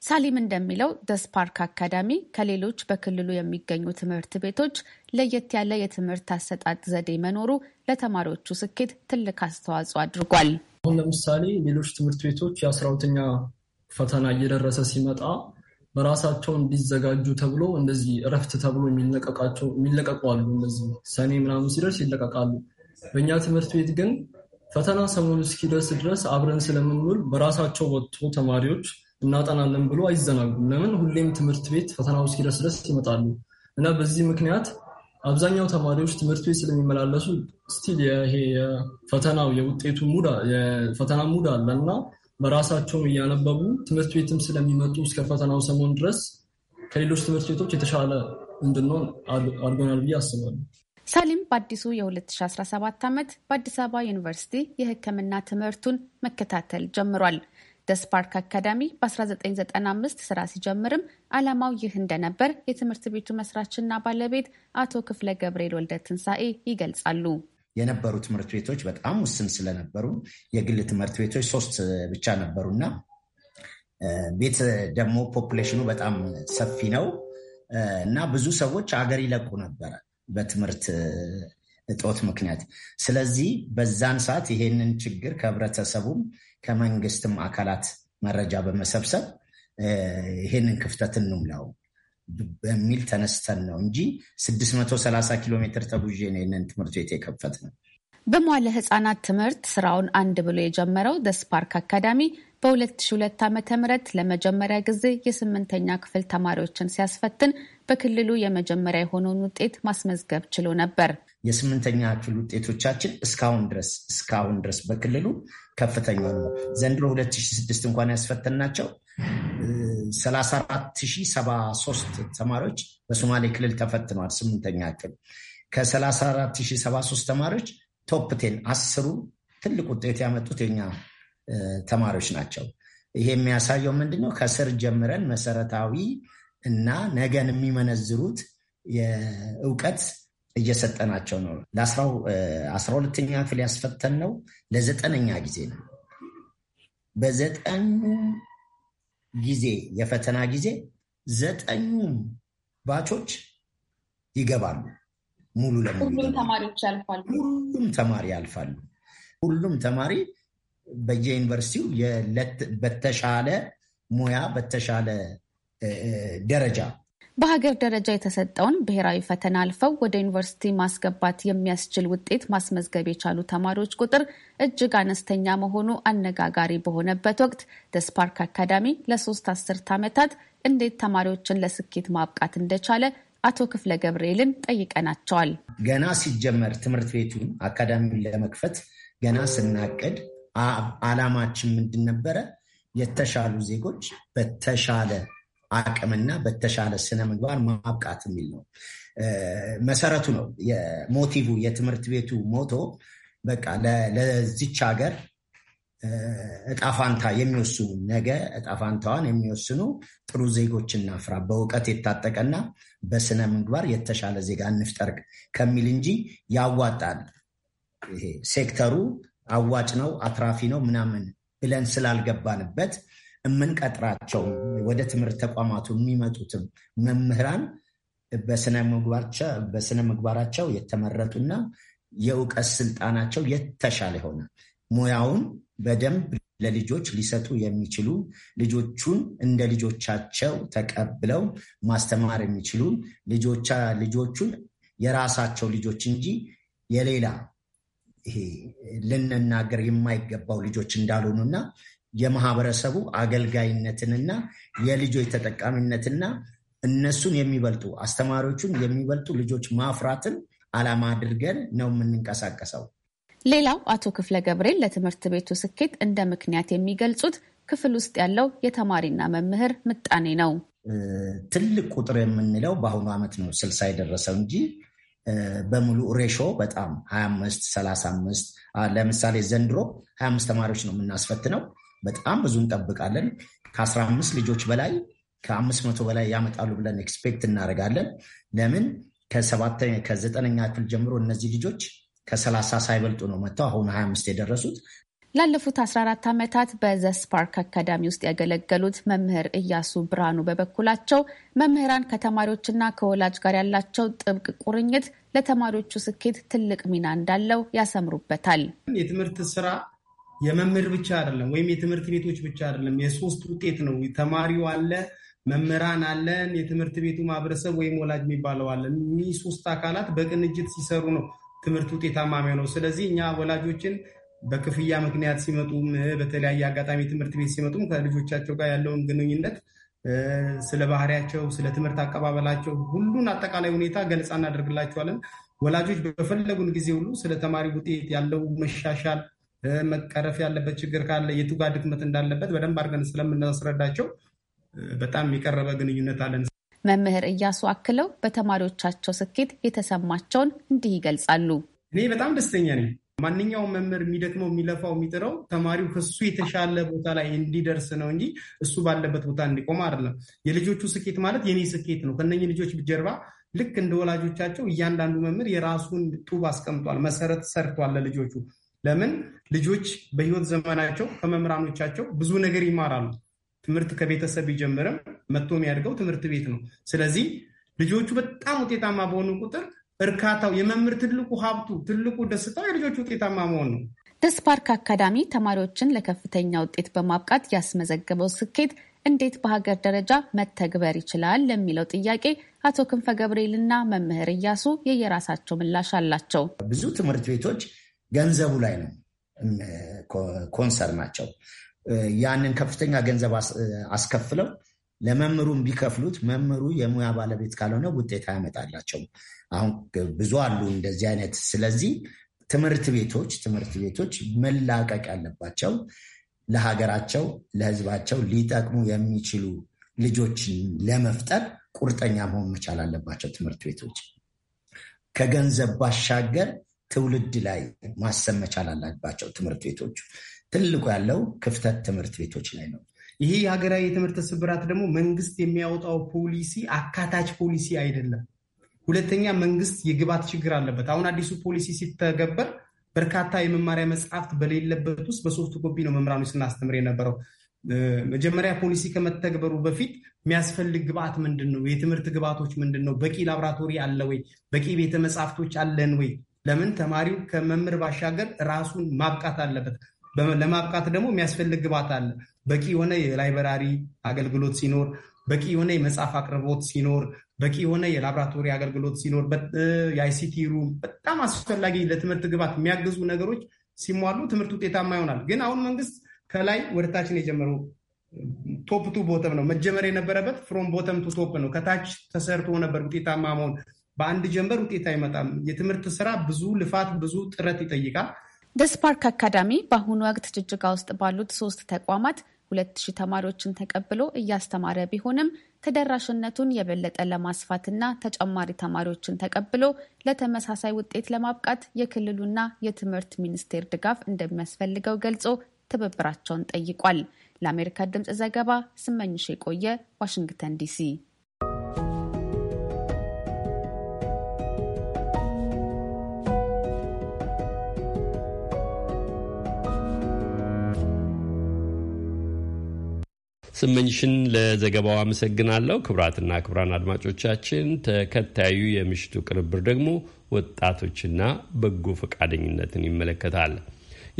ሳሊም እንደሚለው ደስፓርክ አካዳሚ ከሌሎች በክልሉ የሚገኙ ትምህርት ቤቶች ለየት ያለ የትምህርት አሰጣጥ ዘዴ መኖሩ ለተማሪዎቹ ስኬት ትልቅ አስተዋጽኦ አድርጓል። አሁን ለምሳሌ ሌሎች ትምህርት ቤቶች የአስራ ሁለተኛ ፈተና እየደረሰ ሲመጣ በራሳቸው እንዲዘጋጁ ተብሎ እንደዚህ እረፍት ተብሎ የሚለቀቃቸው የሚለቀቁ አሉ። ሰኔ ምናምን ሲደርስ ይለቀቃሉ። በእኛ ትምህርት ቤት ግን ፈተና ሰሞኑ እስኪደርስ ድረስ አብረን ስለምንውል በራሳቸው ወጥቶ ተማሪዎች እናጠናለን ብሎ አይዘናጉም። ለምን ሁሌም ትምህርት ቤት ፈተናው ሲደርስ ድረስ ይመጣሉ እና በዚህ ምክንያት አብዛኛው ተማሪዎች ትምህርት ቤት ስለሚመላለሱ ስቲል ይሄ የፈተናው የውጤቱ የፈተና ሙድ አለ እና በራሳቸውም እያነበቡ ትምህርት ቤትም ስለሚመጡ እስከ ፈተናው ሰሞን ድረስ ከሌሎች ትምህርት ቤቶች የተሻለ እንድንሆን አድርጎናል ብዬ አስባለሁ። ሳሊም በአዲሱ የ2017 ዓመት በአዲስ አበባ ዩኒቨርሲቲ የሕክምና ትምህርቱን መከታተል ጀምሯል። ደስፓርክ አካዳሚ በ1995 ስራ ሲጀምርም ዓላማው ይህ እንደነበር የትምህርት ቤቱ መስራችና ባለቤት አቶ ክፍለ ገብርኤል ወልደ ትንሣኤ ይገልጻሉ። የነበሩ ትምህርት ቤቶች በጣም ውስን ስለነበሩ የግል ትምህርት ቤቶች ሶስት ብቻ ነበሩና ቤት ደግሞ ፖፑሌሽኑ በጣም ሰፊ ነው እና ብዙ ሰዎች አገር ይለቁ ነበረ በትምህርት እጦት ምክንያት። ስለዚህ በዛን ሰዓት ይሄንን ችግር ከህብረተሰቡም ከመንግስትም አካላት መረጃ በመሰብሰብ ይህንን ክፍተት እንሙላው በሚል ተነስተን ነው እንጂ 630 ኪሎ ሜትር ተጉዤ ነው ይህንን ትምህርት ቤት የከፈት ነው። በሟለ ህጻናት ትምህርት ስራውን አንድ ብሎ የጀመረው ደስፓርክ አካዳሚ በ2002 ዓ.ም ለመጀመሪያ ጊዜ የስምንተኛ ክፍል ተማሪዎችን ሲያስፈትን በክልሉ የመጀመሪያ የሆነውን ውጤት ማስመዝገብ ችሎ ነበር። የስምንተኛ ክፍል ውጤቶቻችን እስካሁን ድረስ እስካሁን ድረስ በክልሉ ከፍተኛ ነው። ዘንድሮ 2006 እንኳን ያስፈተናቸው 34073 ተማሪዎች በሶማሌ ክልል ተፈትነዋል። ስምንተኛ ክፍል ከ34073 ተማሪዎች ቶፕቴን አስሩ ትልቅ ውጤት ያመጡት የኛ ተማሪዎች ናቸው። ይሄ የሚያሳየው ምንድነው? ከስር ጀምረን መሰረታዊ እና ነገን የሚመነዝሩት የእውቀት እየሰጠናቸው ነው። ለአስራ ሁለተኛ ክፍል ያስፈተን ነው ለዘጠነኛ ጊዜ ነው። በዘጠኙ ጊዜ የፈተና ጊዜ ዘጠኙ ባቾች ይገባሉ። ሙሉ ለሙሉ ሁሉም ተማሪ ያልፋሉ። ሁሉም ተማሪ በየዩኒቨርሲቲው በተሻለ ሙያ በተሻለ ደረጃ በሀገር ደረጃ የተሰጠውን ብሔራዊ ፈተና አልፈው ወደ ዩኒቨርሲቲ ማስገባት የሚያስችል ውጤት ማስመዝገብ የቻሉ ተማሪዎች ቁጥር እጅግ አነስተኛ መሆኑ አነጋጋሪ በሆነበት ወቅት ደስፓርክ አካዳሚ ለሶስት አስርት ዓመታት እንዴት ተማሪዎችን ለስኬት ማብቃት እንደቻለ አቶ ክፍለ ገብርኤልን ጠይቀናቸዋል። ገና ሲጀመር ትምህርት ቤቱን አካዳሚውን ለመክፈት ገና ስናቅድ አላማችን ምንድን ነበረ? የተሻሉ ዜጎች በተሻለ አቅምና በተሻለ ስነ ምግባር ማብቃት የሚል ነው። መሰረቱ ነው የሞቲቭ የትምህርት ቤቱ ሞቶ በቃ ለዚች ሀገር እጣፋንታ የሚወስኑ ነገ እጣፋንታዋን የሚወስኑ ጥሩ ዜጎች እናፍራ፣ በእውቀት የታጠቀና በስነ ምግባር የተሻለ ዜጋ እንፍጠር ከሚል እንጂ ያዋጣል፣ ይሄ ሴክተሩ አዋጭ ነው፣ አትራፊ ነው ምናምን ብለን ስላልገባንበት የምንቀጥራቸው ወደ ትምህርት ተቋማቱ የሚመጡትም መምህራን በስነ ምግባራቸው የተመረጡና የእውቀት ስልጣናቸው የተሻለ የሆነ ሙያውን በደንብ ለልጆች ሊሰጡ የሚችሉ ልጆቹን እንደ ልጆቻቸው ተቀብለው ማስተማር የሚችሉ ልጆቹን የራሳቸው ልጆች እንጂ የሌላ ይሄ ልንናገር የማይገባው ልጆች እንዳልሆኑና የማህበረሰቡ አገልጋይነትንና የልጆች ተጠቃሚነትና እነሱን የሚበልጡ አስተማሪዎቹን የሚበልጡ ልጆች ማፍራትን ዓላማ አድርገን ነው የምንንቀሳቀሰው። ሌላው አቶ ክፍለ ገብርኤል ለትምህርት ቤቱ ስኬት እንደ ምክንያት የሚገልጹት ክፍል ውስጥ ያለው የተማሪና መምህር ምጣኔ ነው። ትልቅ ቁጥር የምንለው በአሁኑ ዓመት ነው ስልሳ የደረሰው እንጂ በሙሉ ሬሾ በጣም 25 ለምሳሌ ዘንድሮ 25 ተማሪዎች ነው የምናስፈትነው በጣም ብዙ እንጠብቃለን። ከ ከ15 ልጆች በላይ ከአምስት መቶ በላይ ያመጣሉ ብለን ኤክስፔክት እናደርጋለን። ለምን ከሰባተኛ ከዘጠነኛ ክፍል ጀምሮ እነዚህ ልጆች ከሰላሳ ሳይበልጡ ነው መጥተው አሁን 25 የደረሱት። ላለፉት 14 ዓመታት በዘስፓርክ አካዳሚ ውስጥ ያገለገሉት መምህር እያሱ ብርሃኑ በበኩላቸው መምህራን ከተማሪዎችና ከወላጅ ጋር ያላቸው ጥብቅ ቁርኝት ለተማሪዎቹ ስኬት ትልቅ ሚና እንዳለው ያሰምሩበታል። የትምህርት ስራ የመምህር ብቻ አይደለም ወይም የትምህርት ቤቶች ብቻ አይደለም፣ የሶስት ውጤት ነው። ተማሪው አለ፣ መምህራን አለን፣ የትምህርት ቤቱ ማህበረሰብ ወይም ወላጅ የሚባለው አለ። እኚህ ሶስት አካላት በቅንጅት ሲሰሩ ነው ትምህርት ውጤታማ የሚሆነው። ስለዚህ እኛ ወላጆችን በክፍያ ምክንያት ሲመጡም በተለያየ አጋጣሚ ትምህርት ቤት ሲመጡም ከልጆቻቸው ጋር ያለውን ግንኙነት ስለ ባህሪያቸው፣ ስለ ትምህርት አቀባበላቸው ሁሉን አጠቃላይ ሁኔታ ገለጻ እናደርግላቸዋለን። ወላጆች በፈለጉን ጊዜ ሁሉ ስለ ተማሪ ውጤት ያለው መሻሻል መቀረፍ ያለበት ችግር ካለ የቱጋ ድክመት እንዳለበት በደንብ አድርገን ስለምናስረዳቸው በጣም የቀረበ ግንኙነት አለን። መምህር እያሱ አክለው በተማሪዎቻቸው ስኬት የተሰማቸውን እንዲህ ይገልጻሉ። እኔ በጣም ደስተኛ ነኝ። ማንኛውም መምህር የሚደክመው የሚለፋው የሚጥረው ተማሪው ከሱ የተሻለ ቦታ ላይ እንዲደርስ ነው እንጂ እሱ ባለበት ቦታ እንዲቆም አይደለም። የልጆቹ ስኬት ማለት የኔ ስኬት ነው። ከነኚህ ልጆች ጀርባ ልክ እንደ ወላጆቻቸው እያንዳንዱ መምህር የራሱን ጡብ አስቀምጧል፣ መሰረት ሰርቷል ለልጆቹ። ለምን ልጆች በህይወት ዘመናቸው ከመምህራኖቻቸው ብዙ ነገር ይማራሉ። ትምህርት ከቤተሰብ ቢጀምርም መጥቶ የሚያድገው ትምህርት ቤት ነው። ስለዚህ ልጆቹ በጣም ውጤታማ በሆኑ ቁጥር እርካታው የመምህር ትልቁ ሀብቱ፣ ትልቁ ደስታው የልጆቹ ውጤታማ መሆን ነው። ደስፓርክ አካዳሚ ተማሪዎችን ለከፍተኛ ውጤት በማብቃት ያስመዘገበው ስኬት እንዴት በሀገር ደረጃ መተግበር ይችላል ለሚለው ጥያቄ አቶ ክንፈ ገብርኤልና መምህር እያሱ የየራሳቸው ምላሽ አላቸው። ብዙ ትምህርት ቤቶች ገንዘቡ ላይ ነው ኮንሰርናቸው። ያንን ከፍተኛ ገንዘብ አስከፍለው ለመምህሩን ቢከፍሉት መምህሩ የሙያ ባለቤት ካልሆነ ውጤት አያመጣላቸው። አሁን ብዙ አሉ እንደዚህ አይነት። ስለዚህ ትምህርት ቤቶች ትምህርት ቤቶች መላቀቅ ያለባቸው ለሀገራቸው ለሕዝባቸው ሊጠቅሙ የሚችሉ ልጆችን ለመፍጠር ቁርጠኛ መሆን መቻል አለባቸው ትምህርት ቤቶች። ከገንዘብ ባሻገር ትውልድ ላይ ማሰብ መቻል አለባቸው ትምህርት ቤቶች። ትልቁ ያለው ክፍተት ትምህርት ቤቶች ላይ ነው። ይህ የሀገራዊ የትምህርት ስብራት ደግሞ መንግስት የሚያወጣው ፖሊሲ አካታች ፖሊሲ አይደለም። ሁለተኛ መንግስት የግብዓት ችግር አለበት። አሁን አዲሱ ፖሊሲ ሲተገበር በርካታ የመማሪያ መጽሐፍት በሌለበት ውስጥ በሶፍት ኮፒ ነው መምህራኖች ስናስተምር የነበረው። መጀመሪያ ፖሊሲ ከመተግበሩ በፊት የሚያስፈልግ ግብዓት ምንድን ነው? የትምህርት ግብዓቶች ምንድን ነው? በቂ ላብራቶሪ አለ ወይ? በቂ ቤተ መጽሐፍቶች አለን ወይ? ለምን ተማሪው ከመምህር ባሻገር ራሱን ማብቃት አለበት። ለማብቃት ደግሞ የሚያስፈልግ ግባት አለ። በቂ የሆነ የላይበራሪ አገልግሎት ሲኖር፣ በቂ የሆነ የመጽሐፍ አቅርቦት ሲኖር፣ በቂ የሆነ የላብራቶሪ አገልግሎት ሲኖር፣ የአይሲቲ ሩም በጣም አስፈላጊ ለትምህርት ግባት የሚያግዙ ነገሮች ሲሟሉ ትምህርት ውጤታማ ይሆናል። ግን አሁን መንግስት ከላይ ወደታችን የጀመረው ቶፕ ቱ ቦተም ነው። መጀመር የነበረበት ፍሮም ቦተም ቱ ቶፕ ነው። ከታች ተሰርቶ ነበር ውጤታማ መሆን በአንድ ጀንበር ውጤት አይመጣም። የትምህርት ስራ ብዙ ልፋት፣ ብዙ ጥረት ይጠይቃል። ደስፓርክ አካዳሚ በአሁኑ ወቅት ጅጅጋ ውስጥ ባሉት ሶስት ተቋማት ሁለት ሺህ ተማሪዎችን ተቀብሎ እያስተማረ ቢሆንም ተደራሽነቱን የበለጠ ለማስፋትና ተጨማሪ ተማሪዎችን ተቀብሎ ለተመሳሳይ ውጤት ለማብቃት የክልሉና የትምህርት ሚኒስቴር ድጋፍ እንደሚያስፈልገው ገልጾ ትብብራቸውን ጠይቋል። ለአሜሪካ ድምፅ ዘገባ ስመኝሽ የቆየ ዋሽንግተን ዲሲ። ስመኝሽን ለዘገባው አመሰግናለሁ። ክቡራትና ክቡራን አድማጮቻችን ተከታዩ የምሽቱ ቅንብር ደግሞ ወጣቶችና በጎ ፈቃደኝነትን ይመለከታል።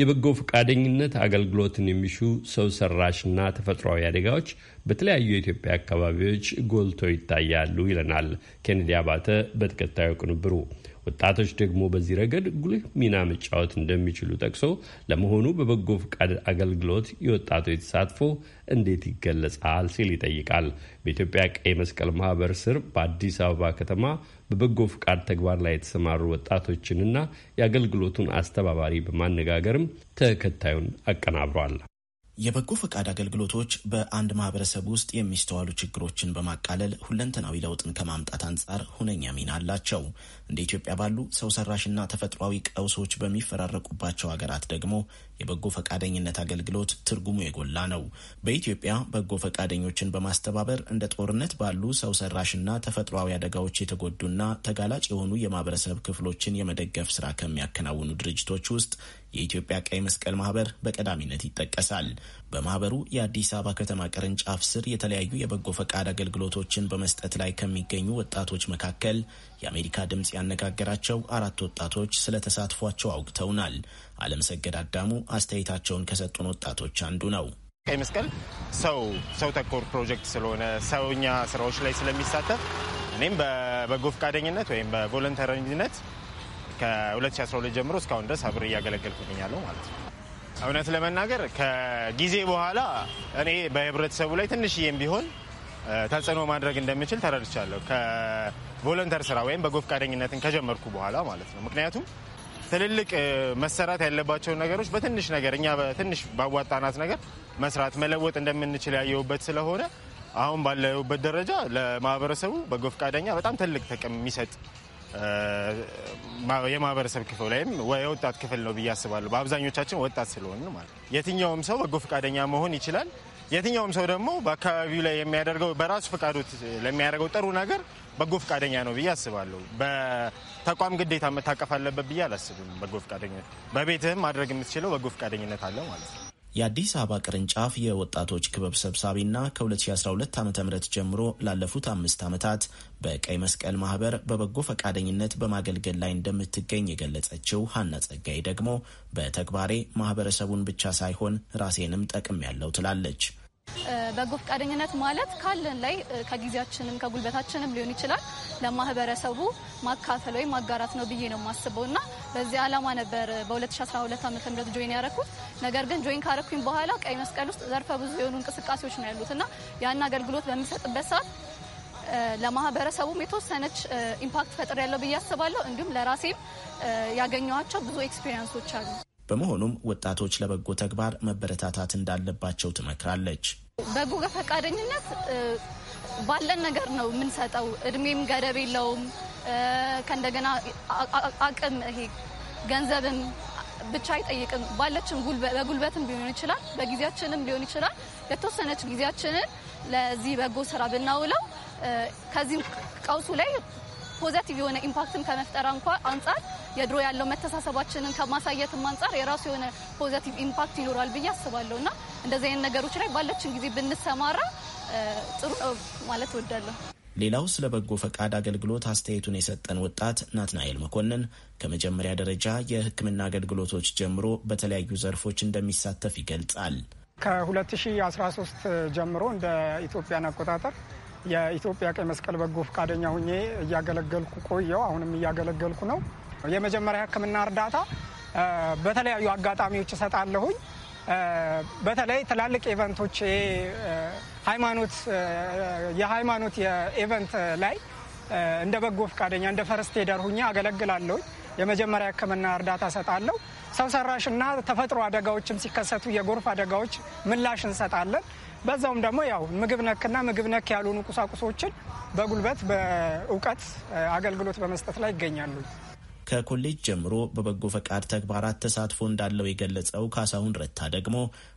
የበጎ ፈቃደኝነት አገልግሎትን የሚሹ ሰው ሰራሽና ተፈጥሯዊ አደጋዎች በተለያዩ የኢትዮጵያ አካባቢዎች ጎልቶ ይታያሉ ይለናል ኬኔዲ አባተ በተከታዩ ቅንብሩ። ወጣቶች ደግሞ በዚህ ረገድ ጉልህ ሚና መጫወት እንደሚችሉ ጠቅሶ ለመሆኑ በበጎ ፈቃድ አገልግሎት የወጣቶች ተሳትፎ እንዴት ይገለጻል ሲል ይጠይቃል። በኢትዮጵያ ቀይ መስቀል ማህበር ስር በአዲስ አበባ ከተማ በበጎ ፈቃድ ተግባር ላይ የተሰማሩ ወጣቶችንና የአገልግሎቱን አስተባባሪ በማነጋገርም ተከታዩን አቀናብሯል። የበጎ ፈቃድ አገልግሎቶች በአንድ ማህበረሰብ ውስጥ የሚስተዋሉ ችግሮችን በማቃለል ሁለንተናዊ ለውጥን ከማምጣት አንጻር ሁነኛ ሚና አላቸው። እንደ ኢትዮጵያ ባሉ ሰው ሰራሽና ተፈጥሯዊ ቀውሶች በሚፈራረቁባቸው ሀገራት ደግሞ የበጎ ፈቃደኝነት አገልግሎት ትርጉሙ የጎላ ነው። በኢትዮጵያ በጎ ፈቃደኞችን በማስተባበር እንደ ጦርነት ባሉ ሰው ሰራሽና ተፈጥሯዊ አደጋዎች የተጎዱና ተጋላጭ የሆኑ የማህበረሰብ ክፍሎችን የመደገፍ ስራ ከሚያከናውኑ ድርጅቶች ውስጥ የኢትዮጵያ ቀይ መስቀል ማህበር በቀዳሚነት ይጠቀሳል። በማህበሩ የአዲስ አበባ ከተማ ቅርንጫፍ ስር የተለያዩ የበጎ ፈቃድ አገልግሎቶችን በመስጠት ላይ ከሚገኙ ወጣቶች መካከል የአሜሪካ ድምፅ ያነጋገራቸው አራት ወጣቶች ስለተሳትፏቸው አውግተውናል። አውግተውናል። ሰገድ አዳሙ አስተያየታቸውን ከሰጡን ወጣቶች አንዱ ነው። ቀይ መስቀል ሰው ሰው ተኮር ፕሮጀክት ስለሆነ ሰውኛ ስራዎች ላይ ስለሚሳተፍ እኔም በበጎ ፈቃደኝነት ወይም በቮለንተሪነት ከ2012 ጀምሮ እስካሁን ድረስ አብሬ እያገለገልኩ ማለት ነው። እውነት ለመናገር ከጊዜ በኋላ እኔ በህብረተሰቡ ላይ ትንሽዬም ቢሆን ተጽዕኖ ማድረግ እንደምችል ተረድቻለሁ። ከቮለንተር ስራ ወይም በጎ ፈቃደኝነትን ከጀመርኩ በኋላ ማለት ነው። ምክንያቱም ትልልቅ መሰራት ያለባቸውን ነገሮች በትንሽ ነገር እኛ በትንሽ ባዋጣናት ነገር መስራት መለወጥ እንደምንችል ያየሁበት ስለሆነ አሁን ባለሁበት ደረጃ ለማህበረሰቡ በጎ ፈቃደኛ በጣም ትልቅ ጥቅም የሚሰጥ የማህበረሰብ ክፍል ወይም የወጣት ክፍል ነው ብዬ አስባለሁ። በአብዛኞቻችን ወጣት ስለሆን ማለት ነው። የትኛውም ሰው በጎ ፈቃደኛ መሆን ይችላል። የትኛውም ሰው ደግሞ በአካባቢው ላይ የሚያደርገው በራሱ ፈቃዱ ለሚያደርገው ጥሩ ነገር በጎ ፈቃደኛ ነው ብዬ አስባለሁ። በተቋም ግዴታ መታቀፍ አለበት ብዬ አላስብም። በጎ ፈቃደኝነት በቤትህም ማድረግ የምትችለው በጎ ፈቃደኝነት አለ ማለት ነው። የአዲስ አበባ ቅርንጫፍ የወጣቶች ክበብ ሰብሳቢና ከ2012 ዓ ም ጀምሮ ላለፉት አምስት ዓመታት በቀይ መስቀል ማህበር በበጎ ፈቃደኝነት በማገልገል ላይ እንደምትገኝ የገለጸችው ሀና ጸጋይ ደግሞ በተግባሬ ማህበረሰቡን ብቻ ሳይሆን ራሴንም ጠቅም ያለው ትላለች። በጎ ፈቃደኝነት ማለት ካለን ላይ ከጊዜያችንም ከጉልበታችንም ሊሆን ይችላል ለማህበረሰቡ ማካፈል ወይም ማጋራት ነው ብዬ ነው የማስበው እና በዚህ ዓላማ ነበር በ2012 ዓ ም ጆይን ያረኩት። ነገር ግን ጆይን ካረኩኝ በኋላ ቀይ መስቀል ውስጥ ዘርፈ ብዙ የሆኑ እንቅስቃሴዎች ነው ያሉት እና ያን አገልግሎት በሚሰጥበት ሰዓት ለማህበረሰቡም የተወሰነች ኢምፓክት ፈጥር ያለው ብዬ አስባለሁ። እንዲሁም ለራሴም ያገኘኋቸው ብዙ ኤክስፔሪንሶች አሉ። በመሆኑም ወጣቶች ለበጎ ተግባር መበረታታት እንዳለባቸው ትመክራለች። በጎ ፈቃደኝነት ባለን ነገር ነው የምንሰጠው። እድሜም ገደብ የለውም። ከእንደገና አቅም ይሄ ገንዘብም ብቻ አይጠይቅም። ባለችን በጉልበትም ሊሆን ይችላል፣ በጊዜያችንም ሊሆን ይችላል። የተወሰነች ጊዜያችንን ለዚህ በጎ ስራ ብናውለው ከዚህም ቀውሱ ላይ ፖዘቲቭ የሆነ ኢምፓክትን ከመፍጠር አንኳ አንጻር የድሮ ያለው መተሳሰባችንን ከማሳየትም አንጻር የራሱ የሆነ ፖዘቲቭ ኢምፓክት ይኖራል ብዬ አስባለሁ እና እንደዚህ አይነት ነገሮች ላይ ባለችን ጊዜ ብንሰማራ ጥሩ ነው ማለት እወዳለሁ። ሌላው ስለ በጎ ፈቃድ አገልግሎት አስተያየቱን የሰጠን ወጣት ናትናኤል መኮንን ከመጀመሪያ ደረጃ የሕክምና አገልግሎቶች ጀምሮ በተለያዩ ዘርፎች እንደሚሳተፍ ይገልጻል። ከ2013 ጀምሮ እንደ ኢትዮጵያን አቆጣጠር የኢትዮጵያ ቀይ መስቀል በጎ ፈቃደኛ ሁኜ እያገለገልኩ ቆየው። አሁንም እያገለገልኩ ነው። የመጀመሪያ ሕክምና እርዳታ በተለያዩ አጋጣሚዎች እሰጣለሁኝ። በተለይ ትላልቅ ኢቨንቶች ሃይማኖት የሃይማኖት የኢቨንት ላይ እንደ በጎ ፈቃደኛ እንደ ፈረስት ሄደር ሁኜ አገለግላለሁኝ። የመጀመሪያ ሕክምና እርዳታ እሰጣለሁ። ሰው ሰራሽና ተፈጥሮ አደጋዎችም ሲከሰቱ የጎርፍ አደጋዎች ምላሽ እንሰጣለን። በዛውም ደግሞ ያው ምግብ ነክና ምግብ ነክ ያልሆኑ ቁሳቁሶችን በጉልበት በእውቀት አገልግሎት በመስጠት ላይ ይገኛሉ። ከኮሌጅ ጀምሮ በበጎ ፈቃድ ተግባራት ተሳትፎ እንዳለው የገለጸው ካሳሁን ረታ ደግሞ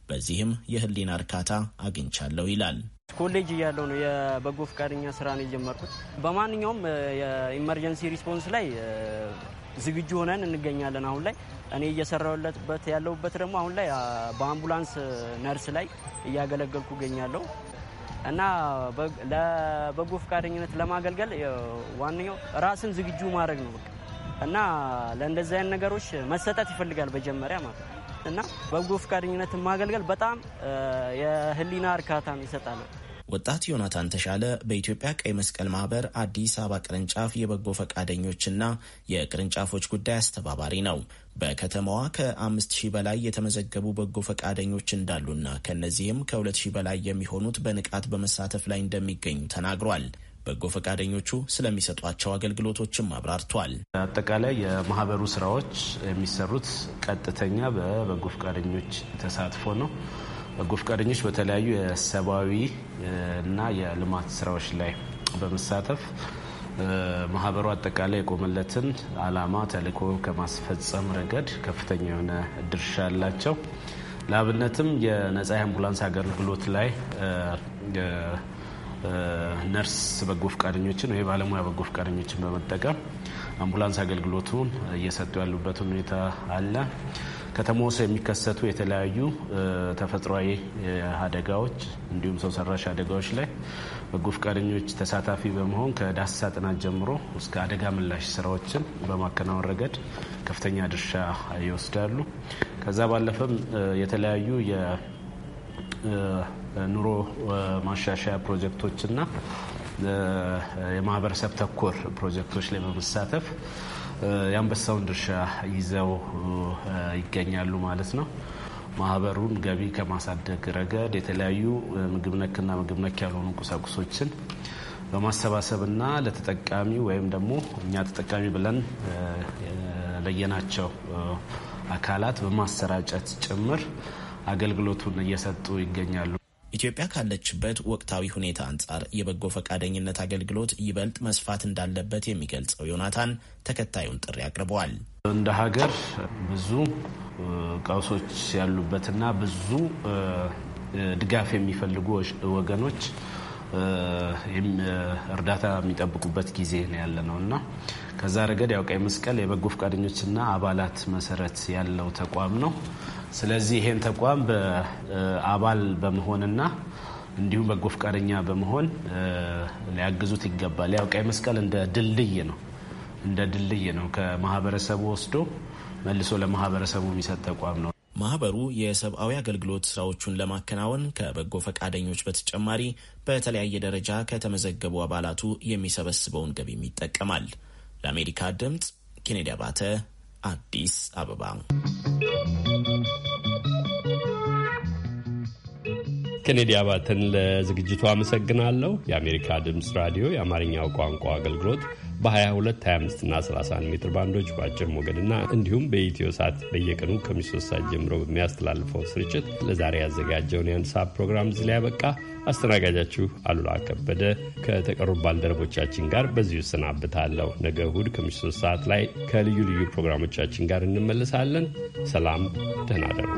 በዚህም የህሊና እርካታ አግኝቻለሁ ይላል። ኮሌጅ እያለው ነው የበጎ ፈቃደኛ ስራ ነው የጀመርኩት። በማንኛውም የኢመርጀንሲ ሪስፖንስ ላይ ዝግጁ ሆነን እንገኛለን። አሁን ላይ እኔ እየሰራሁበት ያለሁበት ደግሞ አሁን ላይ በአምቡላንስ ነርስ ላይ እያገለገልኩ እገኛለሁ እና ለበጎ ፈቃደኝነት ለማገልገል ዋነኛው ራስን ዝግጁ ማድረግ ነው። እና ለእንደዚህ አይነት ነገሮች መሰጠት ይፈልጋል በጀመሪያ ማለት እና በጎ ፈቃደኝነት ማገልገል በጣም የህሊና እርካታን ይሰጣል። ወጣት ዮናታን ተሻለ በኢትዮጵያ ቀይ መስቀል ማህበር አዲስ አበባ ቅርንጫፍ የበጎ ፈቃደኞችና የቅርንጫፎች ጉዳይ አስተባባሪ ነው። በከተማዋ ከአምስት ሺህ በላይ የተመዘገቡ በጎ ፈቃደኞች እንዳሉና ከእነዚህም ከሁለት ሺህ በላይ የሚሆኑት በንቃት በመሳተፍ ላይ እንደሚገኙ ተናግሯል። በጎ ፈቃደኞቹ ስለሚሰጧቸው አገልግሎቶችም አብራርቷል። አጠቃላይ የማህበሩ ስራዎች የሚሰሩት ቀጥተኛ በበጎ ፈቃደኞች ተሳትፎ ነው። በጎ ፈቃደኞች በተለያዩ የሰብአዊ እና የልማት ስራዎች ላይ በመሳተፍ ማህበሩ አጠቃላይ የቆመለትን አላማ ተልዕኮ ከማስፈጸም ረገድ ከፍተኛ የሆነ ድርሻ አላቸው። ለአብነትም የነጻ የአምቡላንስ አገልግሎት ላይ ነርስ በጎ ፈቃደኞችን ወይ ባለሙያ በጎ ፈቃደኞችን በመጠቀም አምቡላንስ አገልግሎቱን እየሰጡ ያሉበትን ሁኔታ አለ። ከተማ ውስጥ የሚከሰቱ የተለያዩ ተፈጥሯዊ አደጋዎች እንዲሁም ሰው ሰራሽ አደጋዎች ላይ በጎ ፈቃደኞች ተሳታፊ በመሆን ከዳሰሳ ጥናት ጀምሮ እስከ አደጋ ምላሽ ስራዎችን በማከናወን ረገድ ከፍተኛ ድርሻ ይወስዳሉ። ከዛ ባለፈም የተለያዩ ኑሮ ማሻሻያ ፕሮጀክቶችና የማህበረሰብ ተኮር ፕሮጀክቶች ላይ በመሳተፍ የአንበሳውን ድርሻ ይዘው ይገኛሉ ማለት ነው። ማህበሩን ገቢ ከማሳደግ ረገድ የተለያዩ ምግብ ነክና ምግብ ነክ ያልሆኑ ቁሳቁሶችን በማሰባሰብና ለተጠቃሚ ወይም ደግሞ እኛ ተጠቃሚ ብለን ለየናቸው አካላት በማሰራጨት ጭምር አገልግሎቱን እየሰጡ ይገኛሉ። ኢትዮጵያ ካለችበት ወቅታዊ ሁኔታ አንጻር የበጎ ፈቃደኝነት አገልግሎት ይበልጥ መስፋት እንዳለበት የሚገልጸው ዮናታን ተከታዩን ጥሪ አቅርበዋል። እንደ ሀገር ብዙ ቀውሶች ያሉበትና ብዙ ድጋፍ የሚፈልጉ ወገኖች እርዳታ የሚጠብቁበት ጊዜ ነው ያለ ነው እና ከዛ ረገድ ያው ቀይ መስቀል የበጎ ፈቃደኞችና አባላት መሰረት ያለው ተቋም ነው። ስለዚህ ይሄን ተቋም በአባል በመሆንና እንዲሁም በጎ ፈቃደኛ በመሆን ሊያግዙት ይገባል። ያው ቀይ መስቀል እንደ ድልድይ ነው እንደ ድልድይ ነው ከማህበረሰቡ ወስዶ መልሶ ለማህበረሰቡ የሚሰጥ ተቋም ነው። ማህበሩ የሰብአዊ አገልግሎት ስራዎቹን ለማከናወን ከበጎ ፈቃደኞች በተጨማሪ በተለያየ ደረጃ ከተመዘገቡ አባላቱ የሚሰበስበውን ገቢም ይጠቀማል። ለአሜሪካ ድምፅ ኬኔዲ አባተ አዲስ አበባ ኬኔዲ አባተን ለዝግጅቱ አመሰግናለሁ። የአሜሪካ ድምፅ ራዲዮ የአማርኛው ቋንቋ አገልግሎት በ22፣ 25 እና 31 ሜትር ባንዶች በአጭር ሞገድና እንዲሁም በኢትዮ ሳት በየቀኑ ከምሽቱ ሶስት ሰዓት ጀምሮ በሚያስተላልፈው ስርጭት ለዛሬ ያዘጋጀውን የአንድ ሰዓት ፕሮግራም እዚህ ላይ ያበቃ። አስተናጋጃችሁ አሉላ ከበደ ከተቀሩ ባልደረቦቻችን ጋር በዚሁ እሰናብታለሁ። ነገ እሁድ ከምሽቱ ሰዓት ላይ ከልዩ ልዩ ፕሮግራሞቻችን ጋር እንመለሳለን። ሰላም፣ ደህና እደሩ።